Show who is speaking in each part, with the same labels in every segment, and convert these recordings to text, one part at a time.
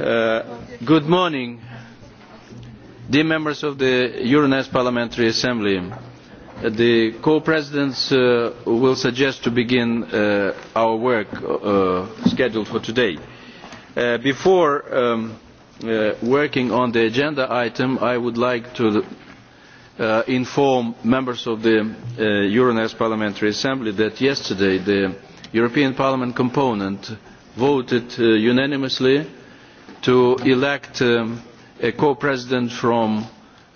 Speaker 1: Uh, good morning, dear members of the Euronest Parliamentary Assembly. Uh, the co-presidents uh, will suggest to begin uh, our work uh, scheduled for today. Before um, working on the agenda item, I would like to inform members of the Euronest Parliamentary Assembly that yesterday the European Parliament component voted uh, unanimously to elect um, a co-president from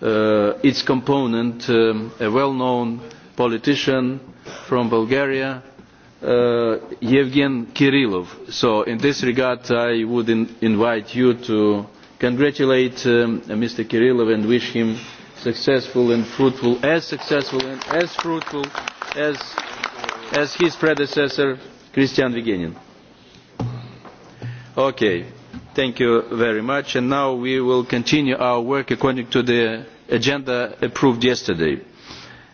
Speaker 1: uh, its component, um, a well-known politician from Bulgaria, uh, Yevgen Kirilov. So in this regard, I would invite you to congratulate Mr. Um, Kirilov and wish him successful and fruitful, as successful and as fruitful as his predecessor Christian Vigenin. Okay, thank you very much. And now we will continue our work according to the agenda approved yesterday.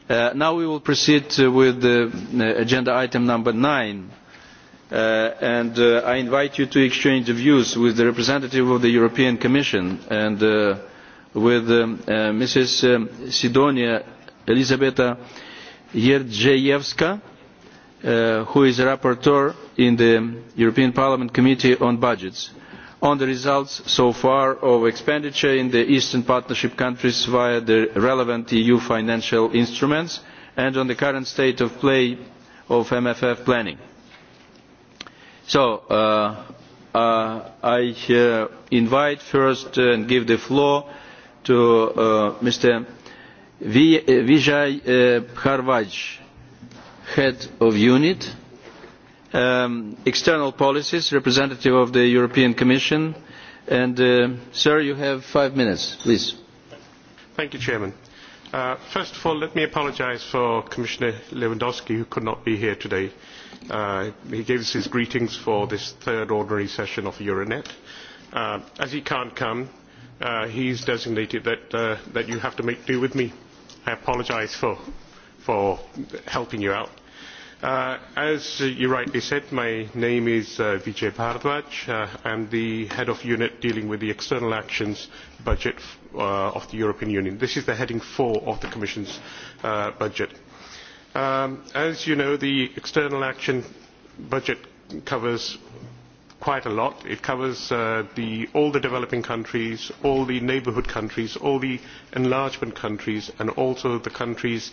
Speaker 1: Uh, now we will proceed with the uh, agenda item number nine. Uh, and uh, I invite you to exchange views with the representative of the European Commission and uh, with um, uh, Mrs. Um, Sidonia Elisabeta Yerdzejewska Uh, who is rapporteur in the European Parliament Committee on Budgets on the results so far of expenditure in the Eastern Partnership countries via the relevant EU financial instruments and on the current state of play of MFF planning. So uh, uh, I invite first and give the floor to Mr Vijay Harvaj head of unit um, external policies representative of the european commission and uh, sir you have five minutes please. thank you chairman. Uh, first of all let me
Speaker 2: apologise for commissioner lewandowski who could not be here today. He uh, he gives his greetings for this third ordinary session of euronet. as he can't come he has designated that, that you have to make do with me. i apologise for for helping you out. Uh, as you rightly said, my name is uh, Vijay Bharadwaj. Uh, I'm the head of unit dealing with the external actions budget uh, of the European Union. This is the heading four of the Commission's uh, budget. Um, as you know, the external action budget covers quite a lot. It covers uh, the, all the developing countries, all the neighbourhood countries, all the enlargement countries, and also the countries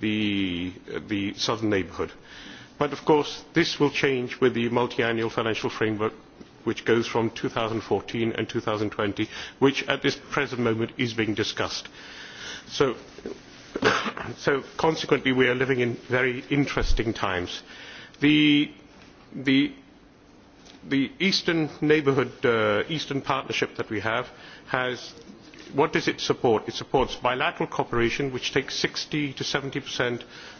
Speaker 2: the, the southern neighbourhood. But of course this will change with the multiannual financial framework which goes from 2014 and 2020 which at this present moment is being discussed. So, consequently we are living in very interesting times. The, Eastern neighbourhood, uh, Eastern partnership that we have has what does it support? it supports bilateral cooperation which takes sixty to seventy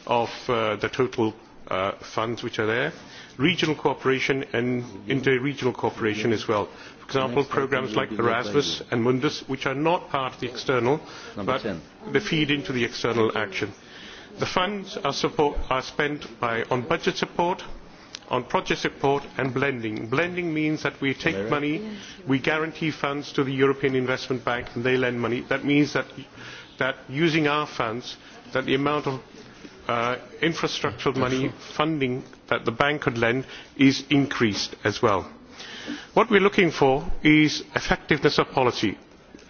Speaker 2: of uh, the total uh, funds which are there regional cooperation and inter regional cooperation as well for example programmes like erasmus and mundus which are not part of the external but they feed into the external action. the funds are, spent on budget support on project support and blending. blending means that we take money we guarantee funds to the european investment bank and they lend money. that means that, that using our funds that the amount of uh, infrastructural money funding that the bank could lend is increased as well. what we are looking for is effectiveness of policy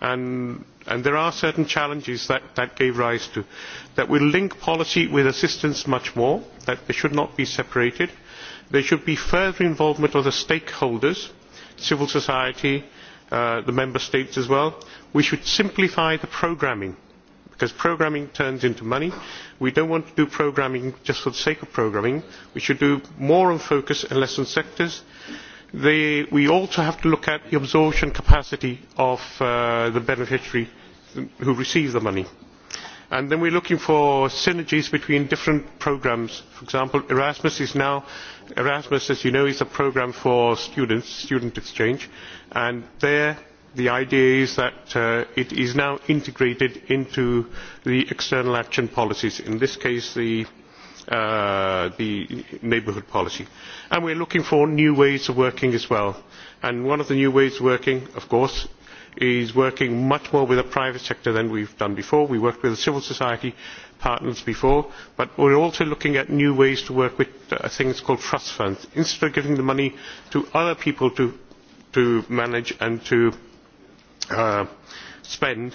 Speaker 2: and, there are certain challenges that, that gave rise to that will link policy with assistance much more that they should not be separated there should be further involvement of the stakeholders civil society and uh, the member states as well. we should simplify the programming because programming turns into money. we do not want to do programming just for the sake of programming. we should do more on focus and less on sectors we also have to look at the absorption capacity of uh, the beneficiary who receives the money. And then we are looking for synergies between different programmes. For example, Erasmus is now Erasmus, as you know, is a programme for students, student exchange, and there the idea is that uh, it is now integrated into the external action policies, in this case the Uh, the neighbourhood policy. And we are looking for new ways of working as well. And one of the new ways of working, of course, is working much more with the private sector than we have done before. we worked with civil society partners before but we are also looking at new ways to work with uh, things called trust funds. instead of giving the money to other people to, manage and to uh, spend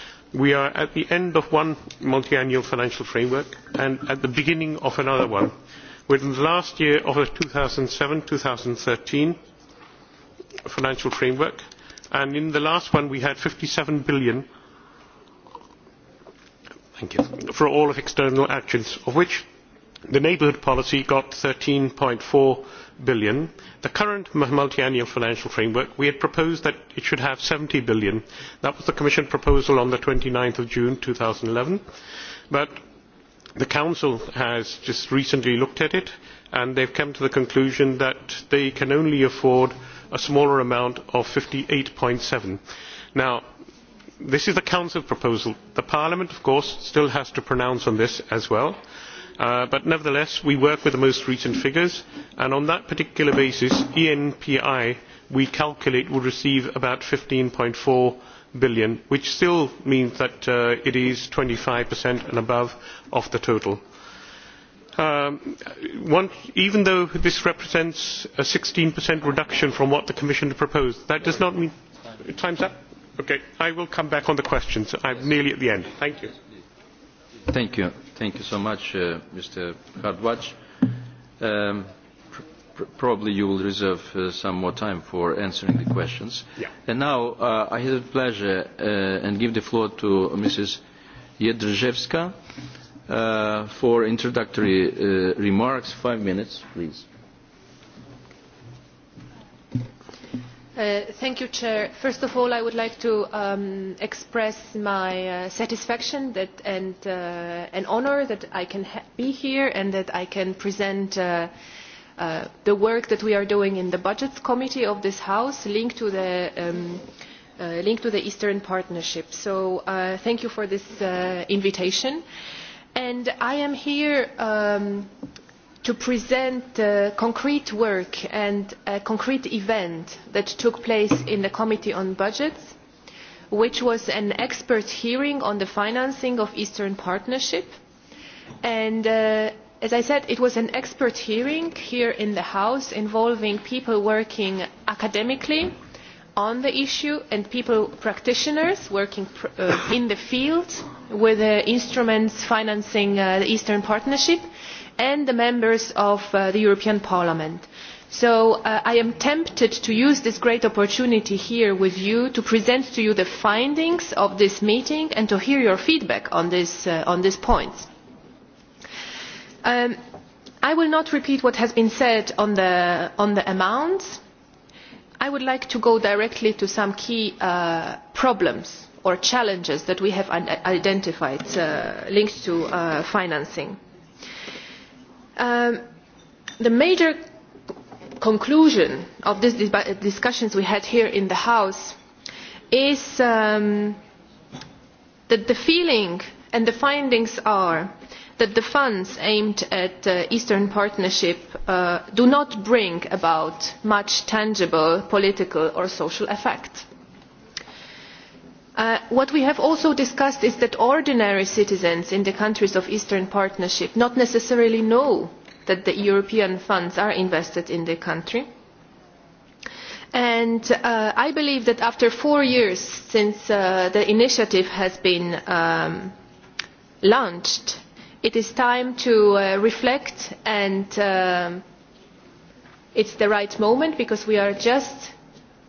Speaker 2: we are at the end of one multiannual financial framework and at the beginning of another one. within the last year of the two thousand and seven two thousand and thirteen financial framework and in the last one we had eur fifty seven billion for all of external actions of which the neighbourhood policy got eur. thirteen four billion the current multiannual financial framework we had proposed that it should have eur seventy billion. that was the commission proposal on twenty nine june two thousand and eleven but the council has just recently looked at it and they have come to the conclusion that they can only afford a smaller amount of. fifty eight seven now this is the council proposal. the parliament of course still has to pronounce on this as well Uh, but nevertheless we work with the most recent figures and on that particular basis enpi we calculate will receive about eur. fifteen four billion which still means that uh, it is twenty five and above of the total. Um, even though this represents a sixteen reduction from what the commission proposed that does not mean time's up? okay i will come back on the questions i am nearly at the end. Thank
Speaker 1: you. Thank you so much, uh, Mr. Hardwatch. Um, pr probably you will reserve uh, some more time for answering the questions. Yeah. And now uh, I have the pleasure uh, and give the floor to Mrs. Jedrzejewska uh, for introductory uh, remarks. Five minutes, please.
Speaker 3: Uh, thank you, Chair. First of all, I would like to um, express my uh, satisfaction and uh, an honor that I can be here and that I can present uh, the work that we are doing in the budgets Committee of this House linked to the, um, Eastern Partnership. So thank you for this invitation. And I am here um, to present uh, concrete work and a concrete event that took place in the committee on budgets which was an expert hearing on the financing of eastern partnership and uh, as i said it was an expert hearing here in the house involving people working academically on the issue and people practitioners working uh, in the field with the instruments financing the eastern partnership and the members of uh, the european parliament so uh, i am tempted to use this great opportunity here with you to present to you the findings of this meeting and to hear your feedback on uh, these points. Um, i will not repeat what has been said on the, amounts. i would like to go directly to some key problems or challenges that we have identified linked to financing. Um, the major conclusion of these discussions we had here in the House is um, that the feeling and the findings are that the funds aimed at the uh, Eastern Partnership uh, do not bring about much tangible political or social effect Uh, what we have also discussed is that ordinary citizens in the countries of the eastern partnership do not necessarily know that the european funds are invested in the country and uh, i believe that after four years since uh, the initiative has been um, launched it is time to reflect and um, it is the right moment because we are just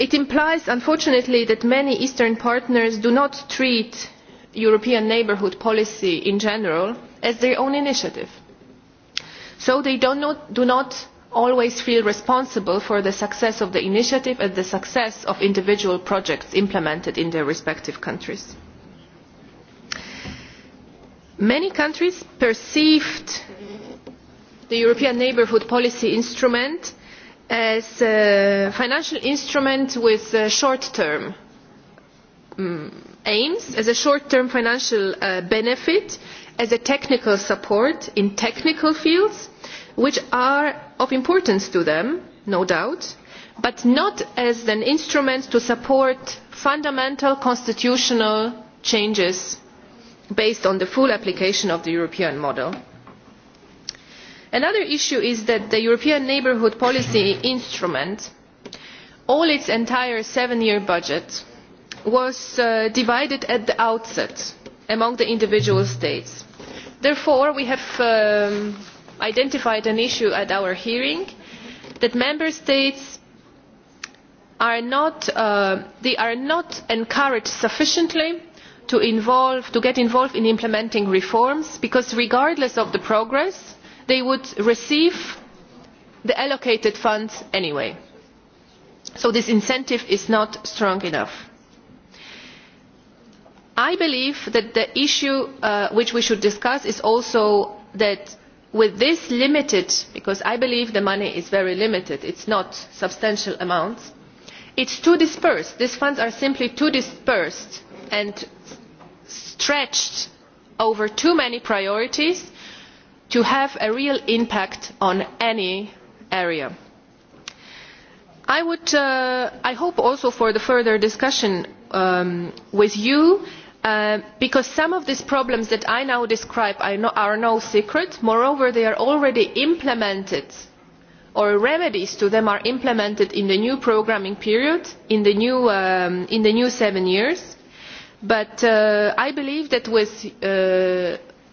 Speaker 3: it implies unfortunately that many eastern partners do not treat european neighbourhood policy in general as their own initiative so they do not, do not always feel responsible for the success of the initiative and the success of individual projects implemented in their respective countries. many countries perceived the european neighbourhood policy instrument as a financial instrument with uh, short term mm, aims as a short term financial uh, benefit as a technical support in technical fields which are of importance to them no doubt but not as an instrument to support fundamental constitutional changes based on the full application of the european model another issue is that the european neighbourhood policy instrument all its entire seven year budget was uh, divided at the outset among the individual states. therefore we have um, identified an issue at our hearing that member states are not, uh, encouraged sufficiently to, to get involved in implementing reforms because regardless of the progress they would receive the allocated funds anyway so this incentive is not strong enough. i believe that the issue uh, which we should discuss is also that with this limited because i believe the money is very limited it is not substantial amounts it is too dispersed these funds are simply too dispersed and stretched over too many priorities to have a real impact on any area. I, would, uh, I hope also for the further discussion um, with you uh, because some of these problems that I now describe are no, secret. Moreover, they are already implemented or remedies to them are implemented in the new programming period, in the new, um, seven years. But uh, I believe that with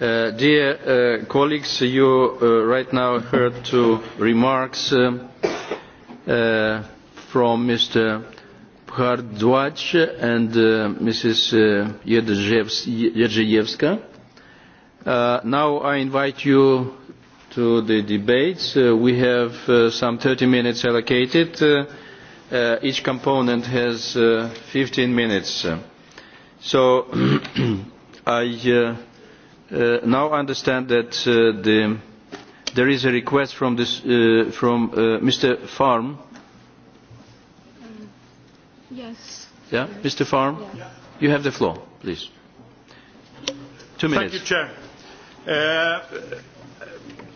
Speaker 1: Uh, dear uh, colleagues, you uh, right now heard two remarks um, from Mr. Bhardwaj and Mrs. Jedrzejewska. Now I invite you to the debates. We have some 30 minutes allocated. Each component has 15 minutes. So I Uh, now I understand that uh, there is a request from, uh, Mr. Um, Farm. yes. Mr. Farm, you have the floor, please. Two minutes.
Speaker 4: Thank
Speaker 5: you, Chair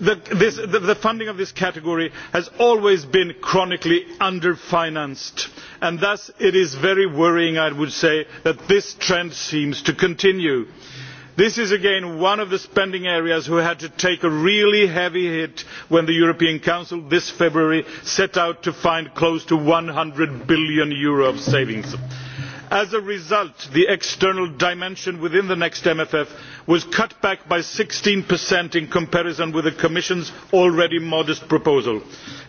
Speaker 5: the, the, funding of this category has always been chronically under financed and thus it is very worrying i would say that this trend seems to continue. this is again one of the spending areas which had to take a really heavy hit when the european council this february set out to find close to eur one hundred billion of savings as a result the external dimension within the next mff was cut back by sixteen in comparison with the commission's already modest proposal.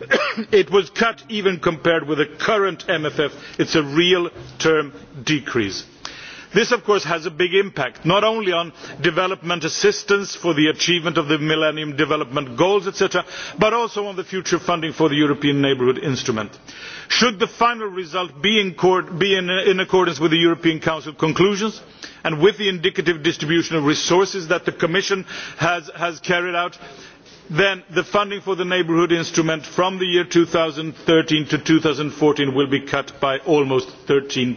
Speaker 5: it was cut even compared with the current mff it is a real term decrease this of course has a big impact not only on development assistance for the achievement of the millennium development goals etc but also on the future funding for the european neighbourhood instrument. should the final result be in accordance with the european council conclusions and with the indicative distribution of resources that the commission has, carried out then the funding for the neighbourhood instrument from the year two thirteen to two fourteen will be cut by almost thirteen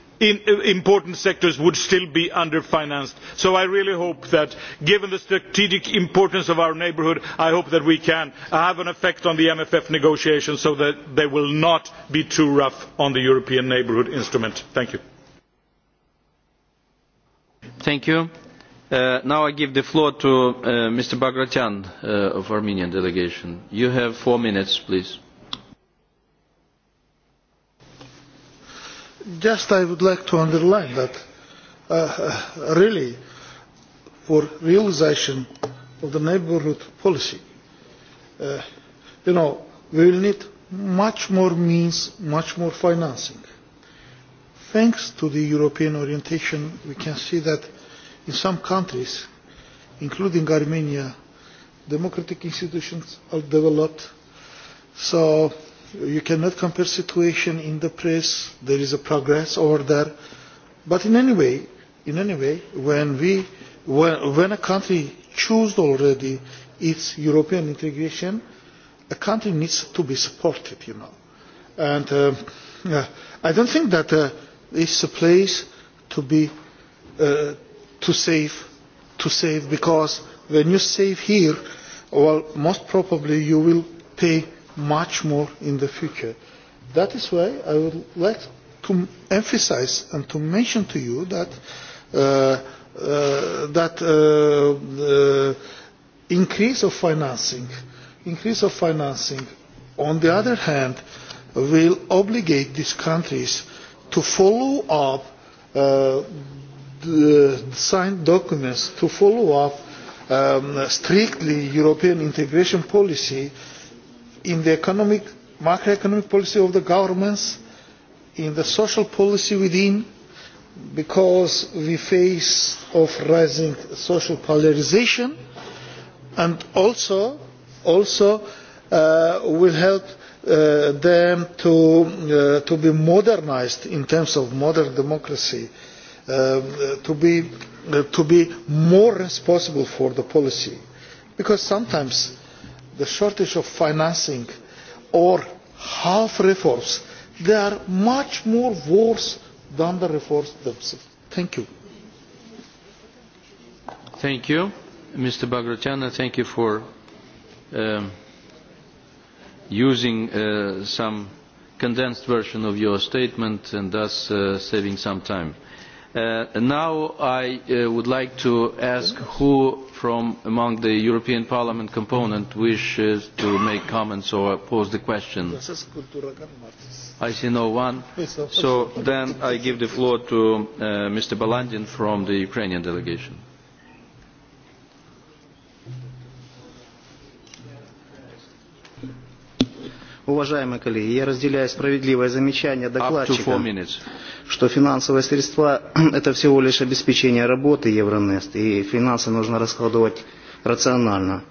Speaker 5: in important sectors would still be under financed. so i really hope that given the strategic importance of our neighbourhood we can have an effect on the mff negotiations so that they will not be too rough on the european neighbourhood instrument. thank you.
Speaker 1: Thank you. Uh, now i give the floor to uh, mr bagratyan uh, of the armenian delegation. you have four minutes please.
Speaker 6: just I would like to underline that uh, uh, really for realization of the neighbourhood policy, uh, you know, we will need much more means, much more financing. Thanks to the European orientation, we can see that in some countries, including Armenia, democratic institutions are developed. So you cannot compare situation in the press there is a progress over there but in any way in any way when we when, when a country chooses already its european integration a country needs to be supported you know and uh, i don't think that uh, is a place to be uh, to save to save because when you save here well most probably you will pay much more in the future. That is why I would like to emphasize and to mention to you that uh, uh, that the uh, uh, increase of financing increase of financing on the other hand will obligate these countries to follow up uh, the signed documents to follow up um, strictly European integration policy in the economic, macroeconomic policy of the governments, in the social policy within, because we face of rising social polarization and also, also uh, will help uh, them to, uh, to be modernized in terms of modern democracy, um, uh, to, be, uh, to be more responsible for the policy. Because sometimes the shortage of financing or half reforms they are much more worse than the reforms themselves. Thank you.
Speaker 1: Thank you, Mr. Bagratiana. Thank you for um, using uh, some condensed version of your statement and thus uh, saving some time. Uh, now I uh, would like to ask who from among the European Parliament component wishes to make comments or pose the question. I see no one. So then I give the floor to uh, Mr. Balandin from the Ukrainian delegation.
Speaker 7: Уважаемые коллеги, я разделяю справедливое замечание докладчика, что финансовые средства – это всего лишь обеспечение работы Евронест, и финансы нужно раскладывать рационально.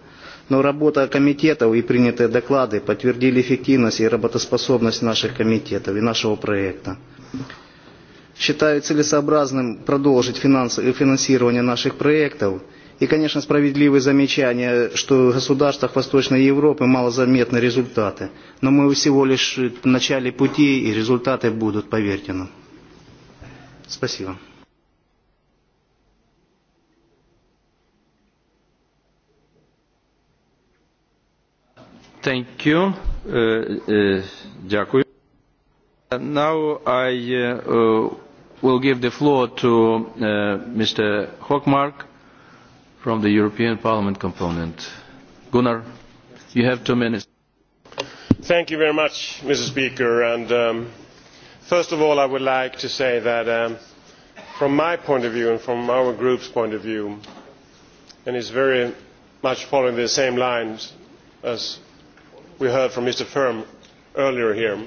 Speaker 7: Но работа комитетов и принятые доклады подтвердили эффективность и работоспособность наших комитетов и нашего проекта. Считаю целесообразным продолжить финансирование наших проектов – И, конечно, справедливые замечания, что в государствах Восточной Европы малозаметны результаты. Но мы всего лишь в начале пути, и результаты будут, поверьте нам. Спасибо.
Speaker 1: Thank you. Uh, uh, now I uh, will give the floor to Mr. Hochmark from the European Parliament component. Gunnar, you have two minutes. Thank you very
Speaker 8: much, Mr. Speaker. And, um, first of all, I would like to say that um, from my point of view and from our group's point of view, and is very much following the same lines as we heard from Mr. Firm earlier here,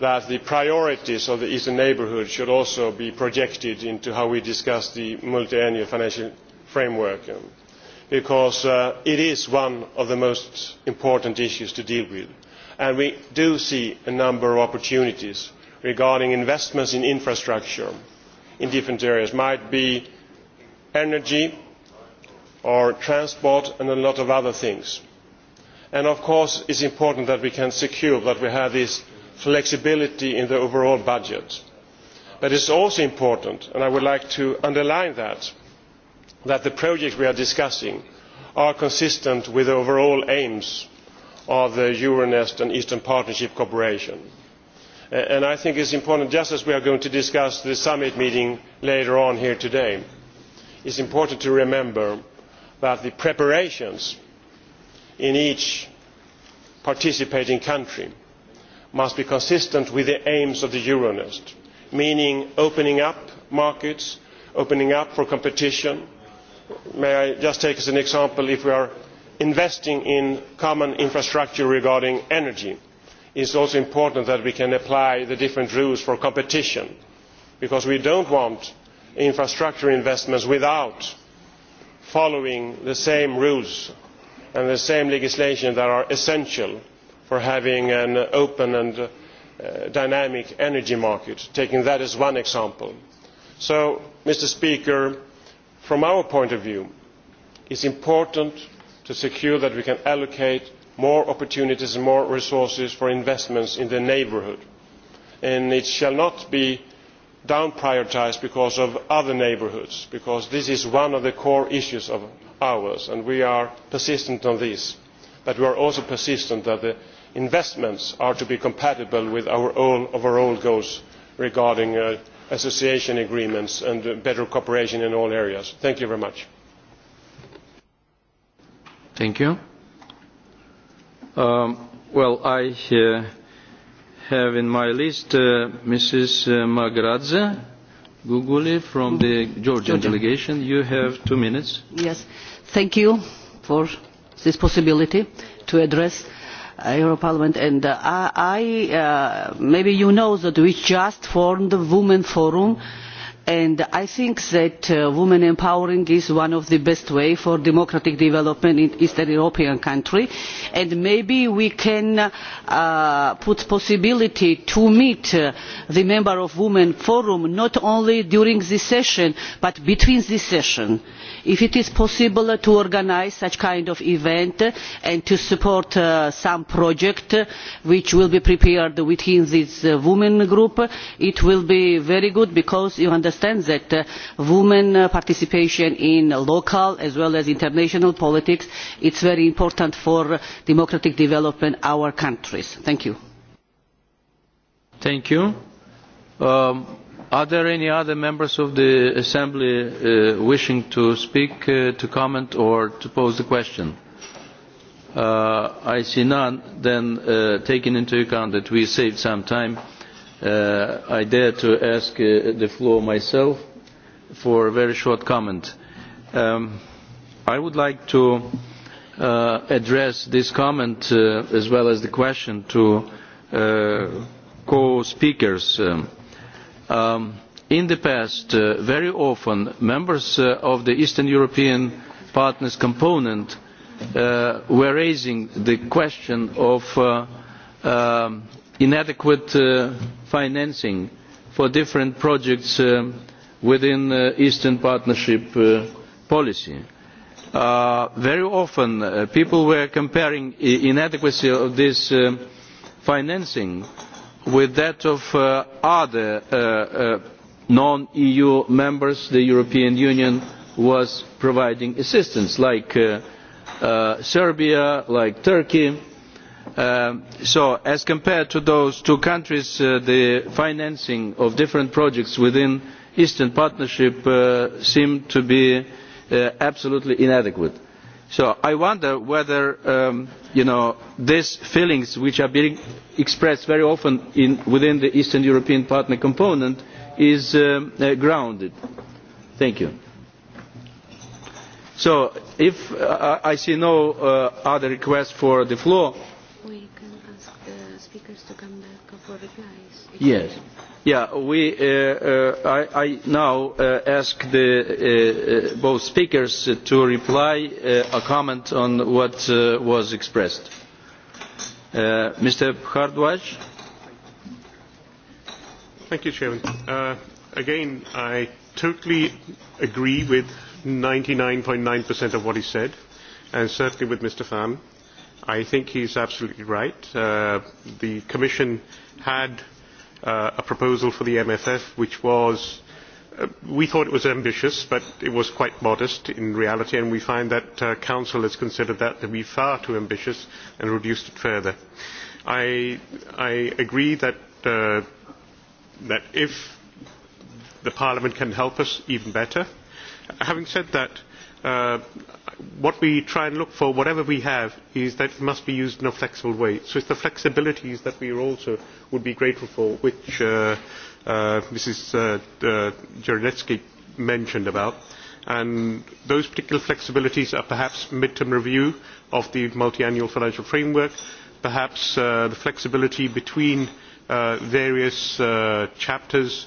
Speaker 8: that the priorities of the Eastern neighbourhood should also be projected into how we discuss the multi-annual financial framework because uh, it is one of the most important issues to deal with and we do see a number of opportunities regarding investments in infrastructure in different areas might be energy or transport and a lot of other things. And of course it is important that we can secure that we have this flexibility in the overall budget. But it is also important and I would like to underline that that the projects we are discussing are consistent with the overall aims of the euronest and eastern partnership cooperation. i think it is important just as we are going to discuss the summit meeting later on here today it is important to remember that the preparations in each participating country must be consistent with the aims of the euronest meaning opening up markets opening up for competition may i just take as an example if we are investing in common infrastructure regarding energy it is also important that we can apply the different rules for competition because we do not want infrastructure investments without following the same rules and the same legislation that are essential for having an open and uh, dynamic energy market taking that as one example. so mr speaker from our point of view it is important to ensure that we can allocate more opportunities and more resources for investments in the neighbourhood and it shall not be down prioritised because of other neighbourhoods because this is one of the core issues of ours and we are persistent on this but we are also persistent that the investments are to be compatible with our overall goals regarding uh, association agreements and better cooperation in all areas. Thank you very much.
Speaker 1: Thank you. Um, well, I uh, have in my list uh, Mrs. Uh, Magradze Guguli from the Georgian delegation. You have two minutes.
Speaker 9: Yes. Thank you for this possibility to address Uh, Euro Parliament and uh, I uh, maybe you know that we just formed the Women Forum and i think that uh, women empowering is one of the best ways for democratic development in eastern european countries and maybe we can put uh, put possibility to meet uh, the member of women forum not only during this session but between this session if it is possible to organise such kind of event and to support some project which will be prepared within this women group it will be very good because you understand understand that uh, women's uh, participation in local as well as international politics is very important for democratic development in our countries. Thank you.
Speaker 1: Thank you. Um, are there any other members of the Assembly uh, wishing to speak, to comment or to pose a question? I see none, then taking into account that we saved some time Uh, I dare to ask uh, the floor myself for a very short comment. Um, I would like to uh, address this comment uh, as well as the question to co speakers. Um, um, in the past, very often members of the Eastern European Partners component were raising the question of um, inadequate uh, financing for different projects uh, within uh, eastern partnership policy. very often people were comparing the inadequacy of this financing with that of other non eu members the european union was providing assistance like serbia like turkey Um, so as compared to those two countries uh, the financing of different projects within the eastern partnership uh, seems to be uh, absolutely inadequate. so i wonder whether um, these feelings which are being expressed very often within the eastern european partner component is um, grounded. thank you. so if i see no other requests for the floor
Speaker 10: papers
Speaker 4: to come back for
Speaker 10: replies.
Speaker 1: Yes. Yeah, we, uh, uh, I, I now uh, ask the, uh, uh, both speakers to reply uh, a comment on what uh, was expressed. Uh, Mr. Hardwaj.
Speaker 2: Thank you, Chairman. Uh, again, I totally agree with 99.9% .9 of what he said, and certainly with Mr. Pham i think he is absolutely right. Uh, the commission had uh, a proposal for the mff which was uh, we thought it was ambitious but it was quite modest in reality and we find that the uh, council has considered that to be far too ambitious and reduced it further. i, I agree that, uh, that if the parliament can help us even better. having said that Uh, what we try and look for, whatever we have, is that it must be used in a flexible way. So it is the flexibilities that we also would be grateful for, which uh, uh, Mrs. Uh, mentioned about. And those particular flexibilities are perhaps mid-term review of the Multiannual financial framework, perhaps the flexibility between various chapters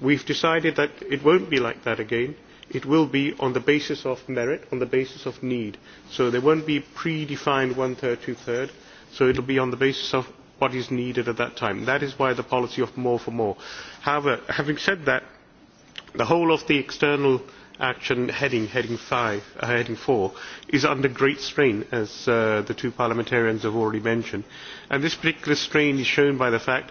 Speaker 2: we have decided that it will not be like that again it will be on the basis of merit on the basis of need so there will not be pre defined one third two thirds so it will be on the basis of what is needed at that time. that is why the policy of more for more. however having said that the whole of the external action heading heading uh, heading four is under great strain as uh, the two parliamentarians have already mentioned and this particular strain is shown by the fact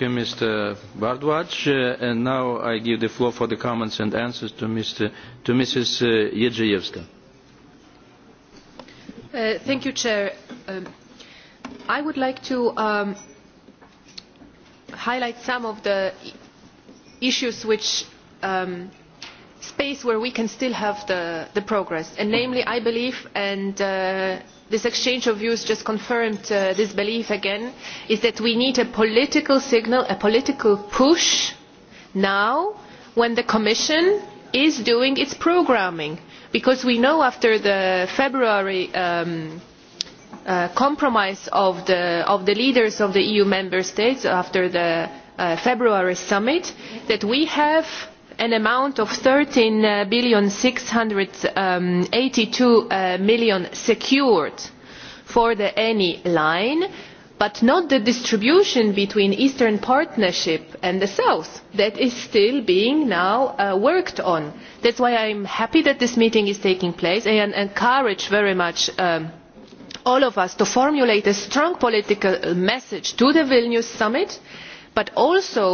Speaker 1: you, Mr. Bardwaj. Uh, and now I give the floor for the comments and answers to, Mr., to Mrs. Uh,
Speaker 3: uh, thank you, Chair. Um, I would like to um, highlight some of the issues which um, space where we can still have the, the progress. And namely, I believe, and uh, this exchange of views just confirmed uh, this belief again is that we need a political signal a political push now when the commission is doing its programming because we know after the february um, uh, compromise of the, leaders of the eu member states after the uh, february summit that we have an amount of eur thirteen uh, billion six hundred and um, eighty two uh, million secured for the eni line but not the distribution between the eastern partnership and the south that is still being now uh, worked on. that is why i am happy that this meeting is taking place and encourage very much um, all of us to formulate a strong political message to the vilnius summit but also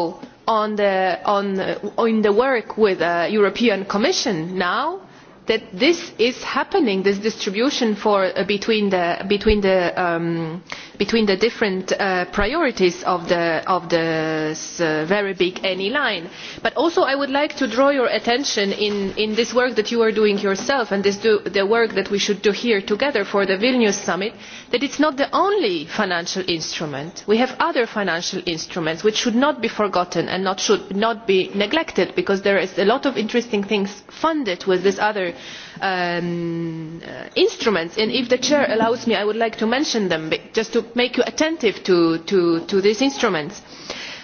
Speaker 3: on the, on, uh, in the work with the European Commission now that this is happening this distribution for uh, between the between the um, between the different uh, priorities of the of the uh, very big any line but also i would like to draw your attention in in this work that you are doing yourself and this the work that we should do here together for the vilnius summit that it's not the only financial instrument we have other financial instruments which should not be forgotten and not should not be neglected because there is a lot of interesting things funded with this other Um, uh, instruments and if the chair allows me i would like to mention them just to make you attentive to, to, these instruments.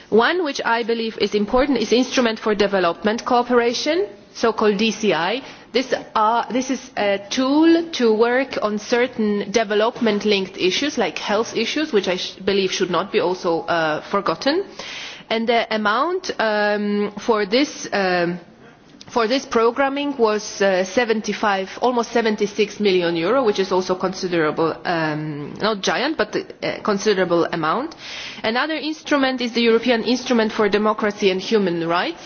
Speaker 3: one which i believe is important is the instrument for development cooperation so called dci. This, uh, this is a tool to work on certain development linked issues like health issues which i believe should not be also uh, forgotten and the amount um, for this um, for this programming was uh, 75, almost eur seventy six million Euro, which is also considerable um, not giant but a uh, considerable amount. another instrument is the european instrument for democracy and human rights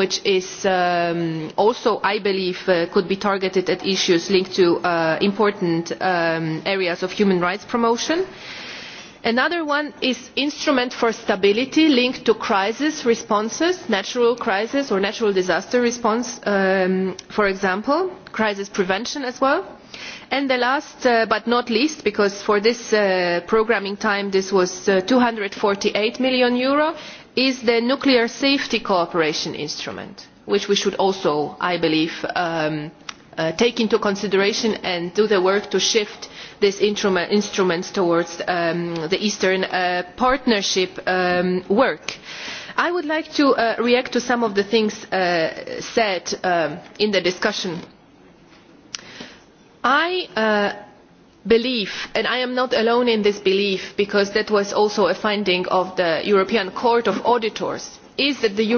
Speaker 3: which is um, also i believe uh, could be targeted at issues linked to uh, important um, areas of human rights promotion another one is instrument for stability linked to crisis responses natural crisis or natural disaster response um, for example crisis prevention as well and the last uh, but not least because for this uh, programming time this was eur uh, two hundred and forty eight million is the nuclear safety cooperation instrument which we should also i believe um, take into consideration and do the work to shift this instrument, instruments towards um, the eastern uh, partnership um, work. i would like to uh, react to some of the things uh, said um, in the discussion. i believe and i am not alone in this belief because that was also a finding of the european court of auditors is that the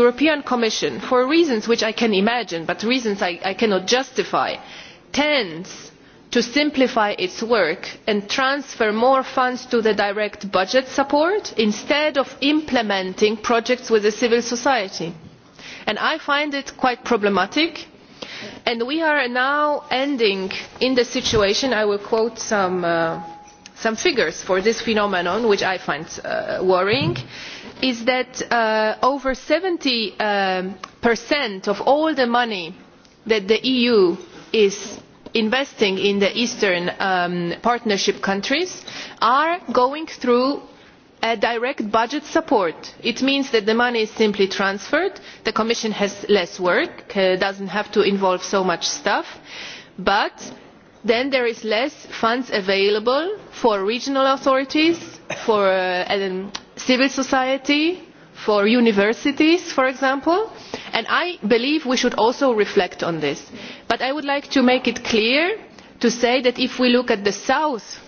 Speaker 3: european commission for reasons which i can imagine but reasons i, I cannot justify tends to simplify its work and transfer more funds to the direct budget support instead of implementing projects with civil society. And i find it quite problematic and we are now ending in the situation i will quote some, uh, figures for this phenomenon which i find uh, worrying is that uh, over seventy um, of all the money that the eu is investing in the eastern um, partnership countries are going through direct budget support. it means that the money is simply transferred the commission has less work uh, does not have to involve so much staff but then there is less funds available for regional authorities for uh, um, civil society for universities for example and i believe we should also reflect on this but i would like to make it clear to say that if we look at the south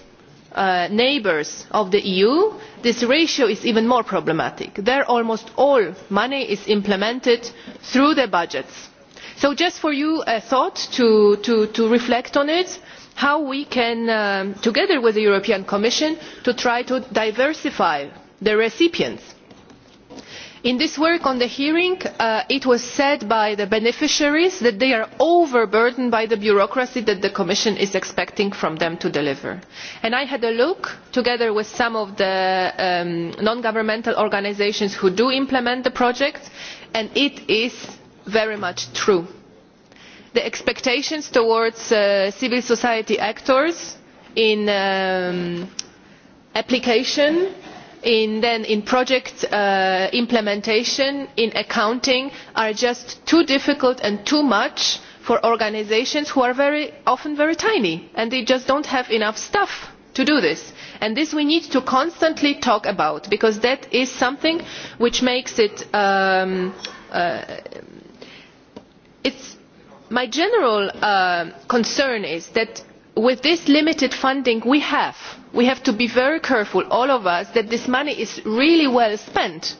Speaker 3: uh, neighbours of the eu this ratio is even more problematic. there almost all money is implemented through the budgets. so just for you a thought to, reflect on it how we can um, together with the european commission try to diversify the recipients in this work on the hearing uh, it was said by the beneficiaries that they are overburdened by the bureaucracy that the commission is expecting from them to deliver and i had a look together with some of the um, non governmental organisations who do implement the project and it is very much true. the expectations towards uh, civil society actors in um, application in, then in project uh, implementation in accounting are just too difficult and too much for organisations who are very often very tiny and they just do not have enough staff to do this. this we need to constantly talk about because that is something which makes it um, uh, my general uh, concern is that with this limited funding we have we have to be very careful all of us that this money is really well spent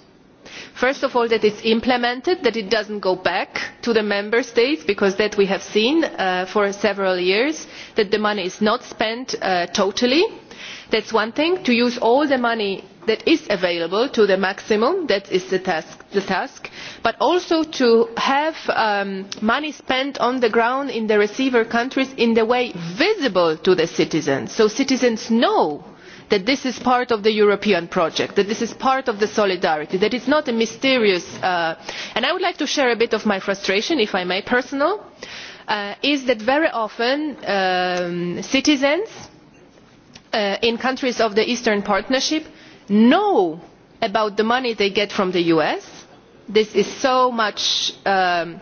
Speaker 3: first of all that it is implemented that it does not go back to the member states because that we have seen uh, for several years that the money is not spent uh, totally that is one thing to use all the money that is available to the maximum that is the task, but also to have um, money spent on the ground in the receiver countries in a way visible to the citizens so citizens know that this is part of the european project that this is part of the solidarity that it is not a mysterious uh, and i would like to share a bit of my frustration if i may personal uh, is that very often um, citizens uh, in countries of the eastern partnership know about the money they get from the us this is so much um,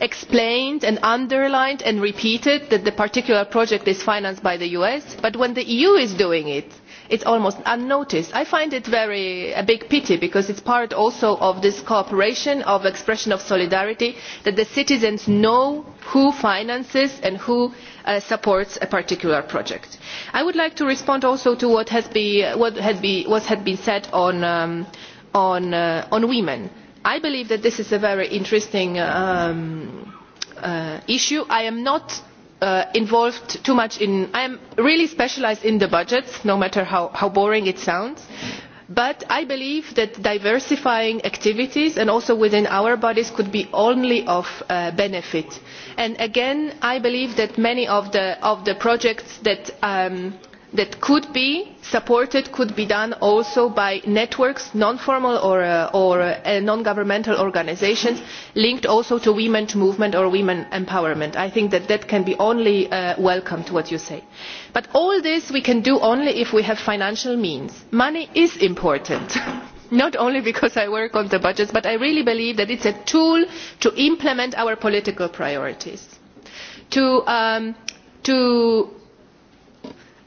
Speaker 3: explained and underlined and repeated that the particular project is financed by the us but when the eu is doing it it is almost unnoticed. i find it a big pity because it is part also of this cooperation of expression of solidarity that the citizens know who finances and who uh, supports a particular project. i would like to respond also to what has, been said um, uh, on, women. i believe that this is a very interesting um, uh, issue. i am not Uh, involved too much in i am really specialised in the budgets no matter how, boring it sounds but i believe that diversifying activities and also within our bodies could be only of uh, benefit and again i believe that many of the, projects that um, that could be supported could be done also by networks non formal or, uh, uh, non governmental organisations linked also to women's movement or women's empowerment. i think that that can be only uh, welcome to what you say. but all this we can do only if we have financial means. money is important not only because i work on the budget but i really believe that it is a tool to implement our political priorities to um,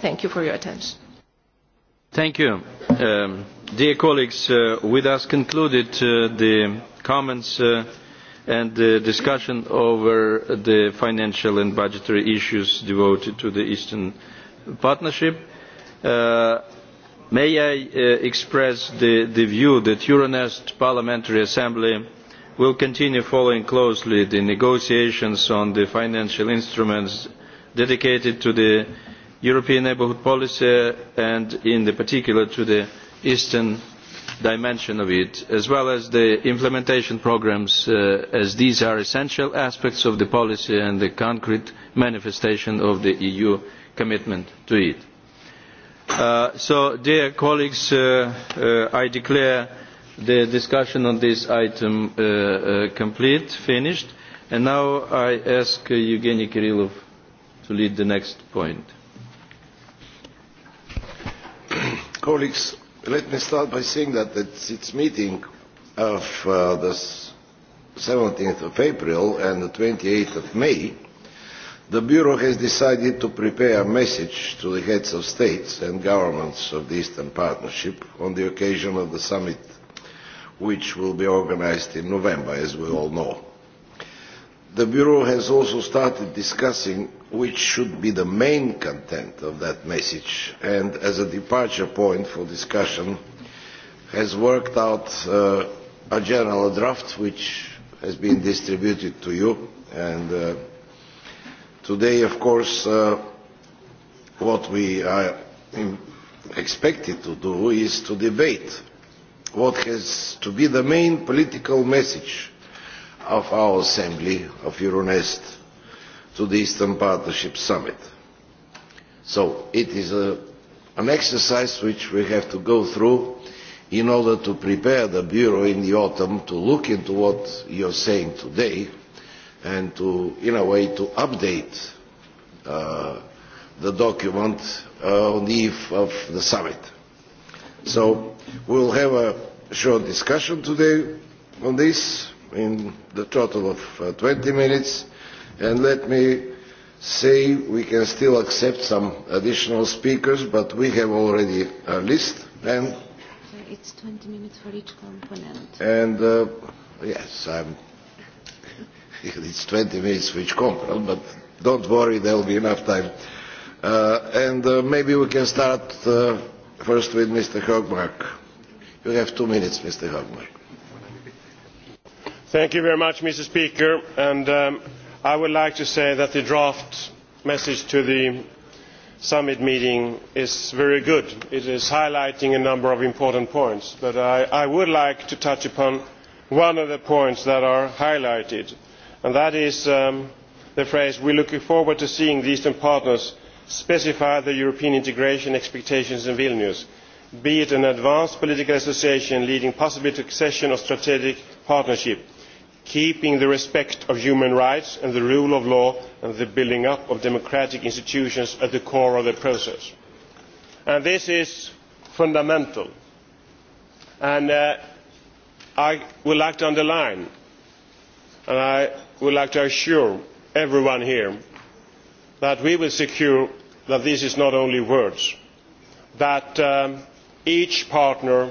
Speaker 3: Thank you for your attention.
Speaker 1: Thank you. Um, dear colleagues, uh, with us concluded uh, the comments uh, and the discussion over the financial and budgetary issues devoted to the Eastern Partnership. Uh, may I uh, express the, the view that Euronest Parliamentary Assembly will continue following closely the negotiations on the financial instruments dedicated to the European neighbourhood policy and in particular to the eastern dimension of it, as well as the implementation programmes, uh, as these are essential aspects of the policy and the concrete manifestation of the EU commitment to it. Uh, so, dear colleagues, uh, I declare the discussion on this item complete, finished, and now I ask Evgeny Kirilov to lead the next point.
Speaker 10: colleagues, let me start by saying that at its meeting of seventeen uh, the of April and the eight of May, the Bureau has decided to prepare a message to the heads of states and governments of the Eastern Partnership on the occasion of the summit which will be organised in November, as we all know. The Bureau has also started discussing which should be the main content of that message and as a departure point for discussion has worked out uh, a general draft which has been distributed to you and uh, today of course uh, what we are expected to do is to debate what has to be the main political message of our assembly of euronest to the Eastern Partnership Summit. So it is an exercise which we have to go through in order to prepare the Bureau in the autumn to look into what you are saying today and to, in a way, to update uh, the document uh, on the eve of the summit. So we will have a short discussion today on this in the total of 20 uh, minutes and let me say we can still accept some additional speakers but we have already a list and
Speaker 11: it's 20 minutes for each component
Speaker 10: and uh, yes I'm it's 20 minutes for each component but don't worry there will be enough time uh, and uh, maybe we can start uh, first with Mr. Hogmark you have two minutes Mr. Hogmark
Speaker 8: thank you very much Mr. Speaker and um, i would like to say that the draft message to the summit meeting is very good. it highlights a number of important points but i would like to touch upon one of the points that are highlighted and that is um, the phrase we are looking forward to seeing the eastern partners specify their european integration expectations in vilnius be it an advanced political association leading possibly to accession or strategic partnership keeping the respect for human rights and the rule of law and the building up of democratic institutions at the core of the process. this is fundamental and uh, i would like to underline and i would like to assure everyone here that we will secure that this is not only words that um, each partner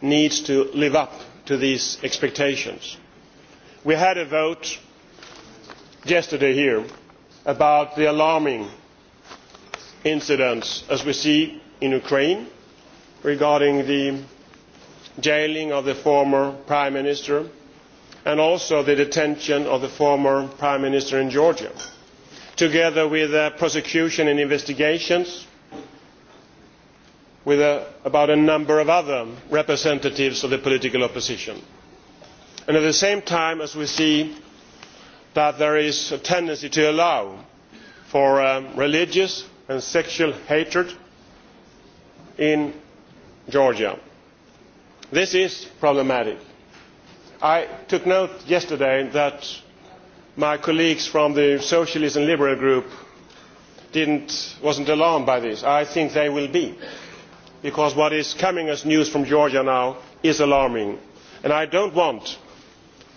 Speaker 8: needs to live up to these expectations we had a vote yesterday here about the alarming incidents as we see in ukraine regarding the jailing of the former prime minister and also the detention of the former prime minister in georgia together with uh, prosecution and investigations with uh, about a number of other representatives of the political opposition and at the same time as we see that there is a tendency to allow for um, religious and sexual hatred in georgia. this is problematic. i took note yesterday that my colleagues from the socialist and liberal group were not alarmed by this. i think they will be because what is coming as news from georgia now is alarming and i do not want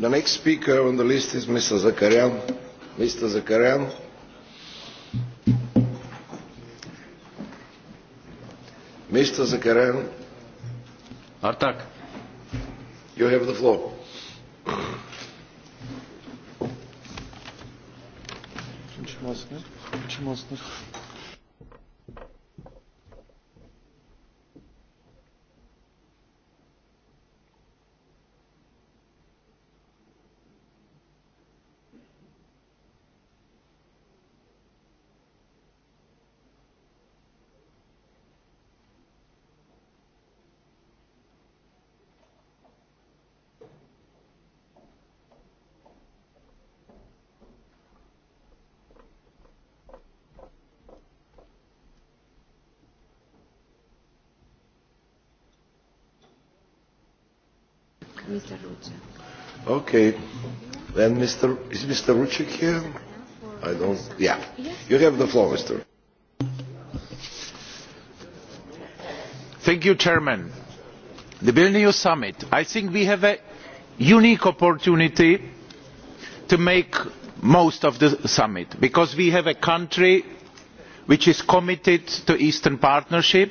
Speaker 10: The next speaker on the list is Mr. Zakarjan. Mr. Zakarian. Mr. Zakarian. Artak. You have the floor.
Speaker 6: Kim
Speaker 11: Mr.
Speaker 10: Okay. Mr. Is Mr. here?
Speaker 12: I don't. Yeah. You have the floor, Mr. Thank you, Chairman. The Vilnius Summit. I think we have a unique opportunity to make most of the summit because we have a country which is committed to Eastern Partnership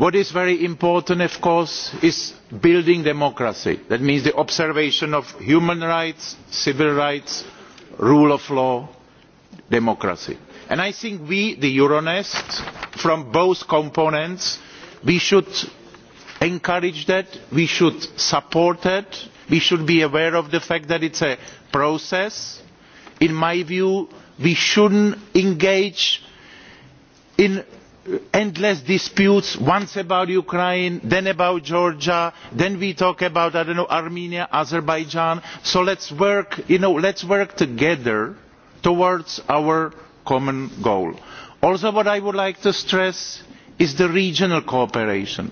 Speaker 12: what is very important of course is building democracy that means the observation of human rights civil rights rule of law democracy and i think we the euronest from both components we should encourage that we should support that we should be aware of the fact that it is a process in my view we should engage in endless disputes once about ukraine then about georgia then we talk about I don't know, armenia azerbaijan so let's work, you know, work together towards our common goal. also what i would like to stress is the regional cooperation.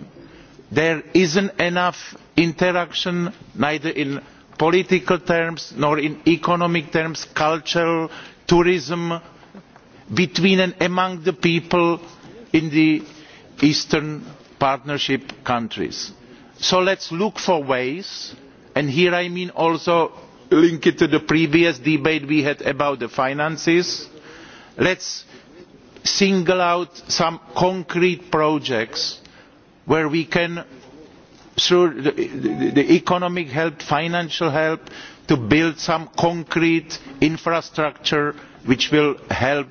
Speaker 12: there is not enough interaction neither in political terms nor in economic terms cultural, tourism between and among the people in the eastern partnership countries. so let us look for ways and here i mean also link it to the previous debate we had about the finances let us single out some concrete projects where we can through the economic help financial help to build some concrete infrastructure which will help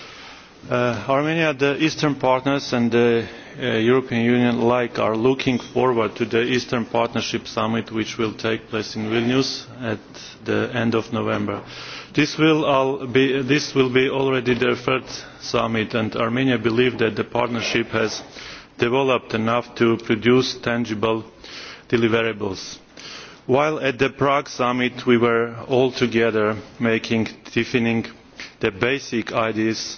Speaker 13: Uh, Armenia, the Eastern partners and the uh, European Union alike are looking forward to the Eastern Partnership Summit which will take place in Vilnius at the end of November. This will, all be, this will be already their third summit and Armenia believes that the partnership has developed enough to produce tangible deliverables. While at the Prague summit we were all together making, defining the basic ideas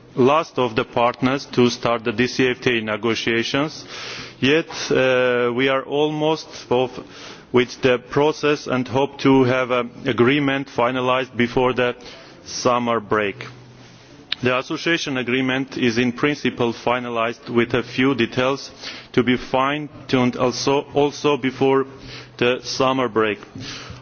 Speaker 13: last of the partners to start the DCFTA negotiations, yet uh, we are almost with the process and hope to have an agreement finalised before the summer break. The association agreement is in principle finalised with a few details to be fine tuned also before the summer break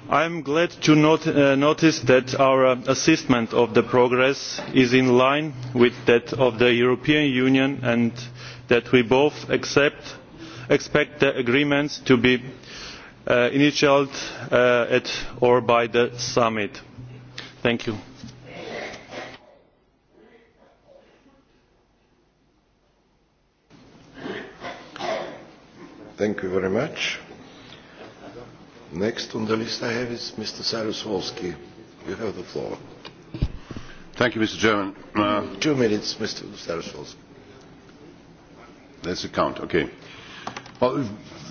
Speaker 13: i am glad to uh, notice that our assessment of the progress is in line with that of the european union and that we both accept, expect the agreements to be uh, initialled uh, at or by the summit. thank you.
Speaker 10: Thank you very much. Next on the list I have is Mr. You Mr. Uh,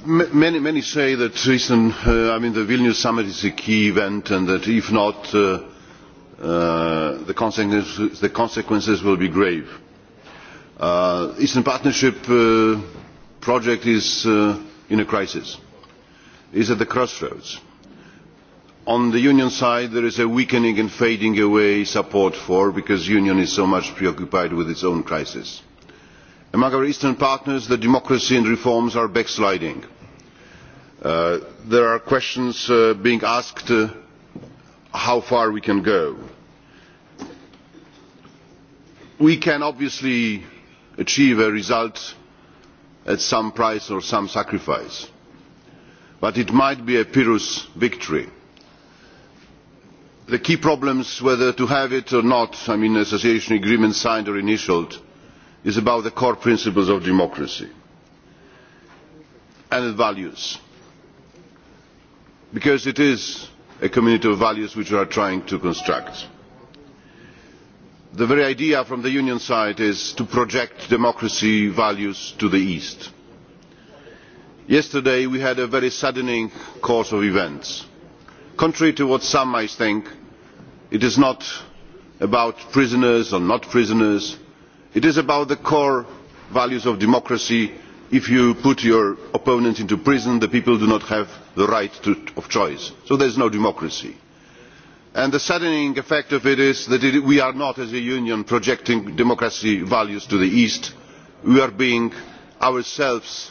Speaker 14: many, say that uh, I the Vilnius summit is a key event and that if not, uh, the, consequences, will be grave. The Eastern Partnership project is in a crisis is at the crossroads. On the Union side there is a weakening and fading away support for because the Union is so much preoccupied with its own crisis. Among our Eastern partners the democracy and reforms are backsliding. Uh, there are questions uh, being asked uh, how far we can go. We can obviously achieve a result at some price or some sacrifice but it might be a pyrrhus victory. the key problems whether to have it or not i mean an association agreement signed or initialled is about the core principles of democracy and values because it is a community of values which we are trying to construct. the very idea from the union side is to project democracy values to the east yesterday we had a very saddening course of events. contrary to what some might think it is not about prisoners or not prisoners it is about the core values of democracy if you put your opponent into prison the people do not have the right to, of choice so there is no democracy. the saddening effect of it is that we are not as a union projecting democracy values to the east we are being ourselves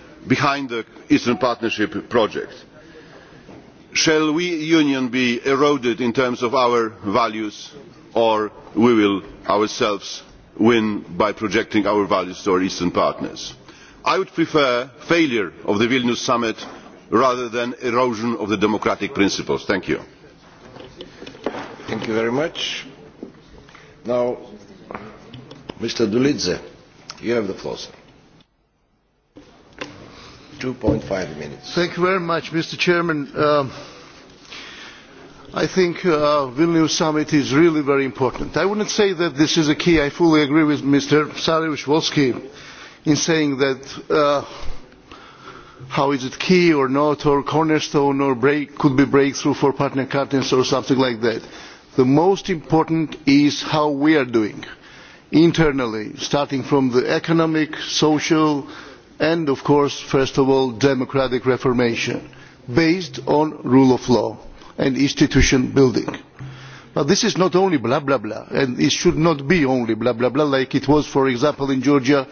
Speaker 14: behind the eastern partnership project. shall we union be eroded in terms of our values or we will ourselves win by projecting our values to our eastern partners? i would prefer failure of the vilnius summit rather than erosion of the democratic principles. thank you. thank you very much. now mr Dulidze, you have the floor.
Speaker 15: Mr. President um, I think the uh, Vilnius summit is really very important. I not say that this is a key. I fully agree with Mr. Saryusz-Wolski in saying that uh, how is it key or not or cornerstone or break, could be breakthrough for partner countries or something like that. The most important is how we are doing internally, starting from the economic, social, and of course first of all democratic reformation based on rule of law and institution building. But this is not only blah blah blah and it should not be only blah blah blah like it was for example in Georgia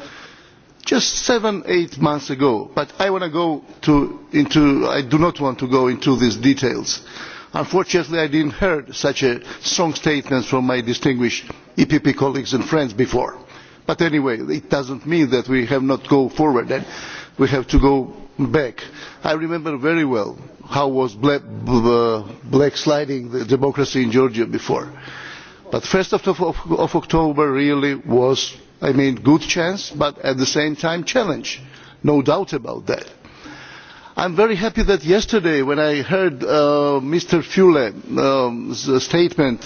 Speaker 15: just seven eight months ago. But I want to go into I do not want to go into these details. Unfortunately I not hear such a strong statement from my distinguished EPP colleagues and friends before but anyway it does not mean that we have not gone forward and we have to go back. i remember very well how was blacksliding uh, the democracy in georgia before but one october really was i mean a good chance but at the same time a challenge no doubt about that. i am very happy that yesterday when i heard uh, mr fle's um, statement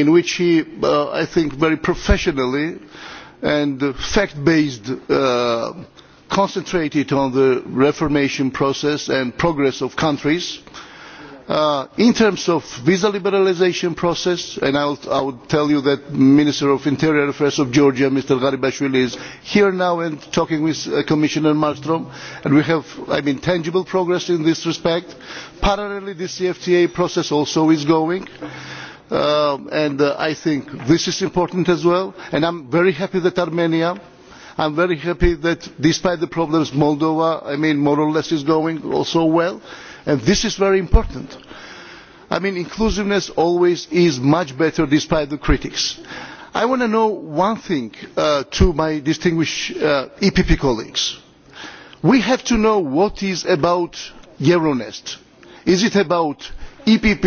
Speaker 15: in which he uh, i think very professionally and fact based uh, concentrated on the reformation process and progress of countries uh, in terms of visa liberalisation process and i would tell you that minister of interior affairs of georgia mr garibashvili is here now and talking with uh, commissioner malmstrm and we have i tangible progress in this respect. parallelly the cfta process also is going Um, and uh, i think this is important as well and i am very happy that armenia i am very happy that despite the problems moldova I mean, more or less is going also well and this is very important. I mean, inclusiveness always is much better despite the critics. i want to know one thing uh, to my distinguished uh, epp colleagues we have to know what is about euronest. is it about epp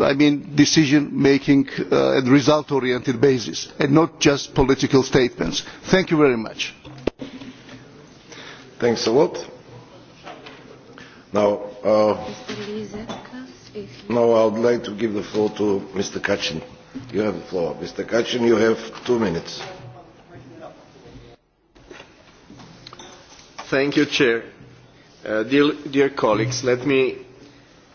Speaker 15: i mean decision making uh, and result oriented basis and not just political statements. thank you very much. thanks a lot. now, uh, now i would like
Speaker 10: to give the floor to mr. kachin. you have the floor. mr. kachin, you have two minutes.
Speaker 16: thank you, chair. Uh, dear, dear colleagues, let me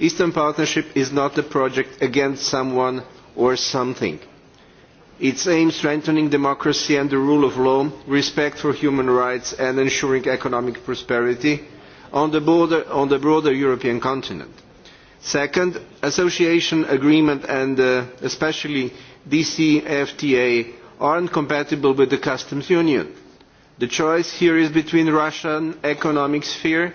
Speaker 16: Eastern Partnership is not a project against someone or something. Its aim strengthening democracy and the rule of law, respect for human rights and ensuring economic prosperity on the, broader European continent. Second, association agreement and uh, especially DCFTA aren't compatible with the customs union. The choice here is between Russian economic sphere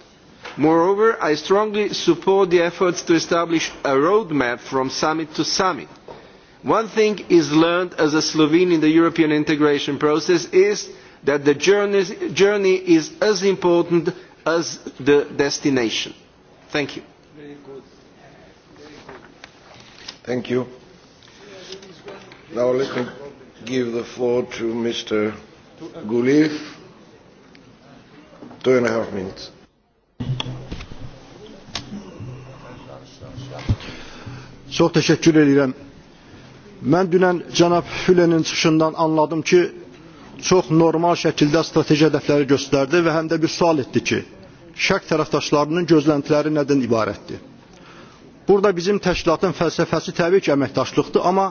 Speaker 16: moreover i strongly support the efforts to establish a roadmap from summit to summit. one thing is learned as a slovene in the european integration process is that the journey is as important as the destination. thank you.
Speaker 10: thank you. now let me give the floor to mr gulif.
Speaker 7: two and a half minutes. Çox təşəkkür edirəm. Mən dünən cənab Hülenin çıxışından anladım ki, çox normal şəkildə strateji hədəfləri göstərdi və həm də bir sual etdi ki, şərq tərəfdaşlarının gözləntiləri nədən ibarətdir? Burada bizim təşkilatın fəlsəfəsi təbii ki, əməkdaşlıqdır, amma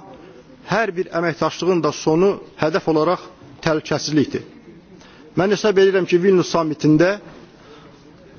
Speaker 7: hər bir əməkdaşlığın da sonu hədəf olaraq təhlükəsizlikdir. Mən hesab edirəm ki, Vilnius samitində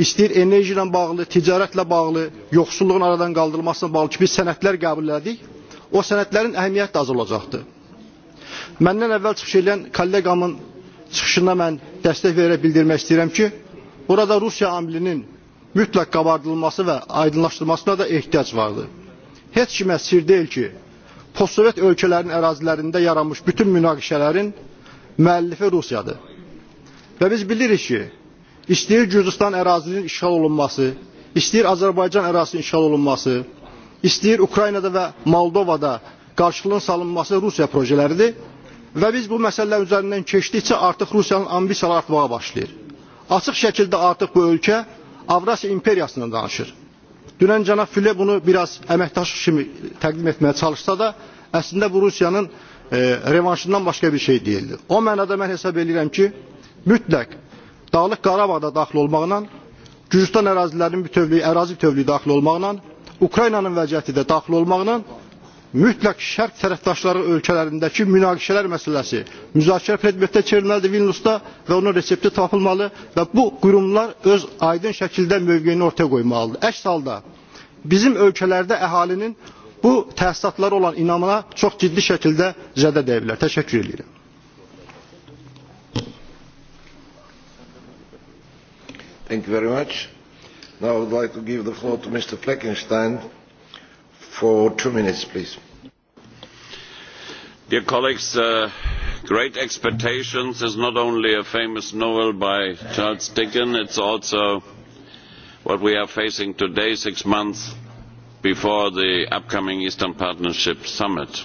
Speaker 7: istəyir enerji ilə bağlı, ticarətlə bağlı, yoxsulluğun aradan qaldırılmasına bağlı ki, biz sənədlər qəbul elədik. O sənədlərin əhəmiyyəti də az olacaqdır. Məndən əvvəl çıxış edən kolleqamın çıxışına mən dəstək verə bildirmək istəyirəm ki, burada Rusiya amilinin mütləq qabardılması və aydınlaşdırılmasına da ehtiyac vardır. Heç kimə sir deyil ki, postsovet ölkələrin ərazilərində yaranmış bütün münaqişələrin müəllifi Rusiyadır. Və biz bilirik ki, istəyir Gürcüstan ərazisinin işğal olunması, istəyir Azərbaycan ərazisinin işğal olunması, istəyir Ukraynada və Moldovada qarşılığın salınması Rusiya projələridir və biz bu məsələlər üzərindən keçdikcə artıq Rusiyanın ambisiyaları artmağa başlayır. Açıq şəkildə artıq bu ölkə Avrasiya imperiyasından danışır. Dünən cənab Füle bunu biraz əməkdaş kimi təqdim etməyə çalışsa da, əslində bu Rusiyanın e, revanşından başqa bir şey deyildi. O mənada mən hesab edirəm ki, mütləq Dağlıq Qarabağda daxil olmaqla, Gürcistan ərazilərinin bütövlüyü, ərazi bütövlüyü daxil olmaqla, Ukraynanın vəziyyəti də daxil olmaqla mütləq şərq tərəfdaşları ölkələrindəki münaqişələr məsələsi müzakirə predmetdə çevrilməlidir Vilniusda və onun resepti tapılmalı və bu qurumlar öz aydın şəkildə mövqeyini ortaya qoymalıdır. Əks halda bizim ölkələrdə əhalinin bu təhsilatları olan inamına çox ciddi şəkildə zədə bilər. Təşəkkür edirəm.
Speaker 10: Thank you very much. Now I would like to give the floor to Mr. Fleckenstein for two minutes, please.
Speaker 17: Dear colleagues, uh, Great Expectations is not only a famous novel by Charles Dickens, is also what we are facing today, six months before the upcoming Eastern Partnership Summit.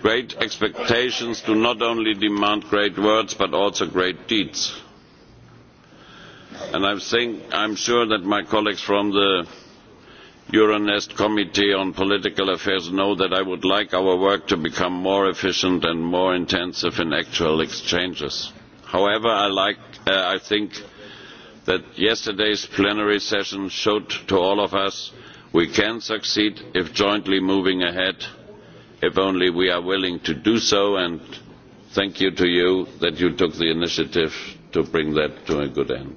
Speaker 17: great expectations do not only demand great words, but also great deeds and I'm, saying, I'm sure that my colleagues from the euronest committee on political affairs know that i would like our work to become more efficient and more intensive in actual exchanges. however I, like, uh, i think that yesterday's plenary session showed to all of us we can succeed if jointly moving ahead if only we are willing to do so and thank you to you that you took the initiative to bring that to a good end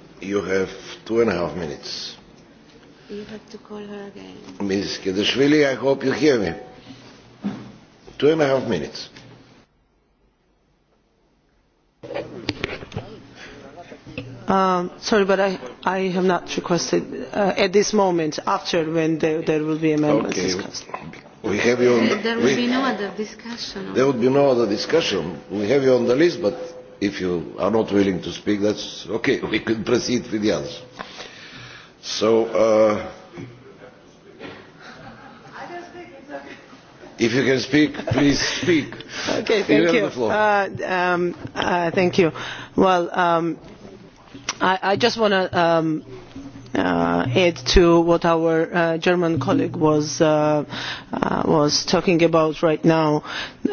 Speaker 10: You have two and a half minutes.
Speaker 18: You have to call her again.
Speaker 10: Ms. Kedeshvili, I hope you hear me. Two and a half minutes.
Speaker 19: Um, sorry, but I, I have not requested uh, at this moment, after when there, there will be amendments okay. discussed.
Speaker 10: We have you on the, there will we, be no
Speaker 9: other discussion.
Speaker 19: There
Speaker 10: would be no other discussion. We have you on the list, but if you are not willing to speak, that's okay. We can proceed with the others. So, uh, if you can speak, please speak.
Speaker 19: okay, thank you. you. The floor. Uh, um, uh, thank you. Well, um, I, I just want to. Um, Uh, add to what our uh, German colleague was uh, was talking about right now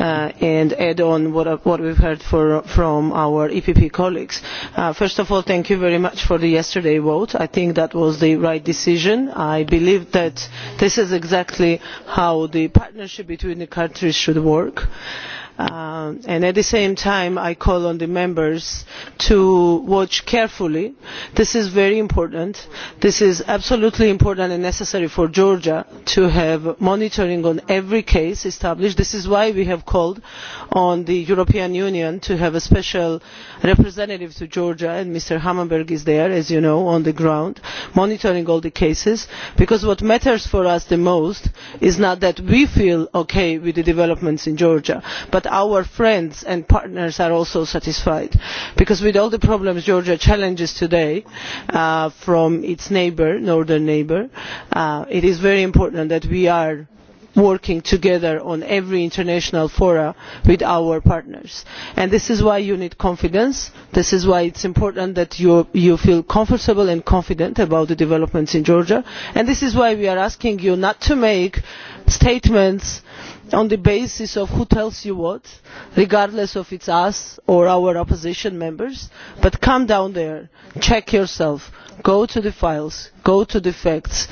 Speaker 19: and add on what what we've heard from our EPP colleagues. First of all, thank you very much for the yesterday vote. I think that was the right decision. I believe that this is exactly how the partnership between the countries should work. Uh, and at the same time i call on the members to watch carefully this is very important this is absolutely important and necessary for georgia to have monitoring on every case established this is why we have called on the european union to have a special representative to georgia and mr hammarberg is there as you know on the ground monitoring all the cases because what matters for us the most is not that we feel okay with the developments in georgia but our friends and partners are also satisfied because with all the problems georgia challenges today uh, from its northern neighbour uh, it is very important that we are working together on every international forum with our partners this is why you need confidence this is why it is important that you, you feel comfortable and confident about the developments in georgia and this is why we are asking you not to make statements on the basis of who tells you what regardless of it's us or our opposition members but come down there check yourself go to the files go to the facts